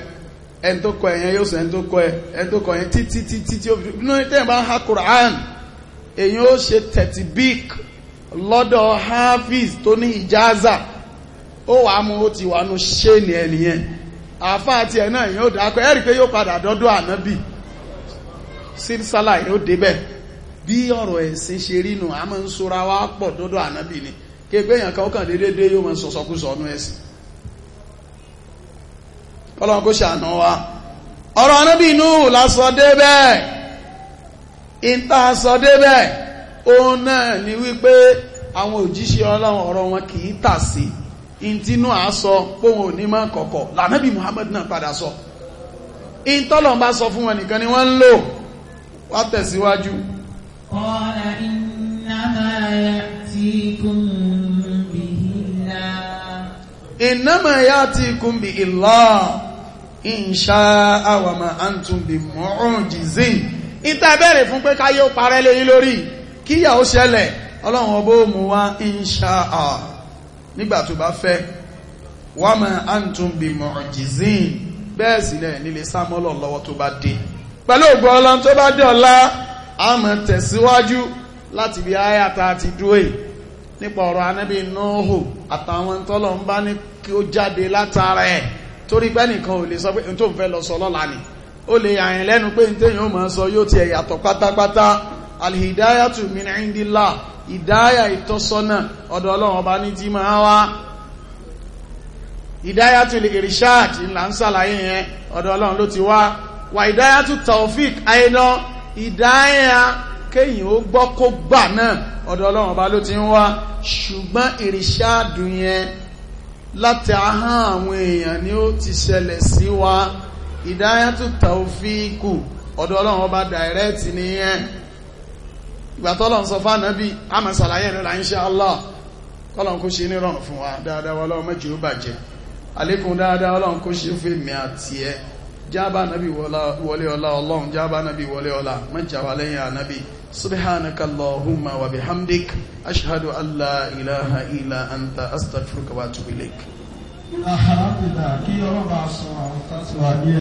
ẹni tó kọ ẹ̀yẹn yóò sọ ẹni tó kọ ẹ ẹni tó kọ ẹ̀yẹn títí títí tí ó fi ní tẹ́yìn bá ń ha Quran èyí ó ṣe tẹ̀tì bík lọ́dọ̀ Hafiz tó ní ìjáza ó wàá mú ó ti wà nù ṣé ni ẹnìyẹn àfáà àti dákọ̀ pé yóò padà ànábì yóò débẹ̀ bí ọ̀rọ̀ ẹ̀sìn ṣe rínú a máa ń sora wá pọ̀ ànábì ni kéèkéé èèyàn kan kàn déédéé yóò máa sọ̀sọ̀kúsọ ọ̀nà ẹ̀sìn ọlọ́run kó ṣàánú wa ọ̀rọ̀ ànábì inú lásọ débẹ̀ ìta sọ débẹ̀ òun náà ni wípé àwọn òjíṣẹ́ ọlọ́run ọ̀rọ̀ wọn kì í tà sí i ìntínú àásọ póhùn òní máa kọ̀kọ̀ lànàbí Muhammad náà padà sọ ìntọ́lọ̀ bá sọ fún wọn nìkan ni wọ́n ń lò wá tẹ̀síwájú qala innama ya'tikum bihi Allah innama ya'tikum bihi Allah in sha'a wa ma bi mu'jizin ìta bẹ̀rẹ̀ fún pé káyé ó parẹ́ lé yín lórí kíyà ó ṣẹlẹ̀ ọlọ́run ọbọ̀ mú wá in sha'a nígbà tó bá fẹ́ wa ma antum bi mu'jizin bẹ́ẹ̀ sì náà nílé sámọ́lọ̀ lọ́wọ́ tó bá dé pẹ̀lú ògbọ́ ọlọ́n tó bá dé ọ̀la a mọ̀ tẹ̀síwájú láti bí ayata ti dúró nípa ọ̀rọ̀ anábì nóòhù àtàwọn tọ́lọ̀ ń bá ní kí ó jáde látara ẹ̀ torí pé nìkan ò lè sọ pé n tó ń fẹ́ lọ sọ lọ́la ni ó lè yàrin lẹ́nu pé n téèyàn mọ̀ sọ yóò ti ẹ̀yàtọ̀ pátápátá alhidayatu min indillah ìdáyà ìtọ́sọ́nà ọ̀dọ̀ ọlọ́run ọba ní tí máa wá ìdáyà tó lè irishad ńlá ń sàlàyé yẹn ọ̀dọ̀ ọlọ́run ló ti wá wà ìdáyà tó taofik àìdán ìdáyà kéyìn ó gbọ́ kó gbà náà ọ̀dọ̀ ọlọ́run ọba ló ti ń wá ṣùgbọ́n irishad yẹn láti ahán àwọn èèyàn ni ó ti ṣẹlẹ̀ sí wa ìdáyà tó taofiku ọ̀dọ̀ ọlọ́run ọba direct nìyẹn ìgbà tọ́lọ́n sọ fánà bí a máa sàlàyé rẹ̀ láìṣẹ́ Allah kọ́lọ̀n kó ṣe ní rọrùn fún wa dáadáa ọlọ́run mẹ́jì ó bàjẹ́ alékún dáadáa ọlọ́run kó ṣe fún mi àti ẹ jábá nàbí wọlé ọlá ọlọ́run jábá nàbí wọlé ọlá mẹ́jàwà lẹ́yìn ànábì subhanaka allahumma wa bihamdik ashhadu an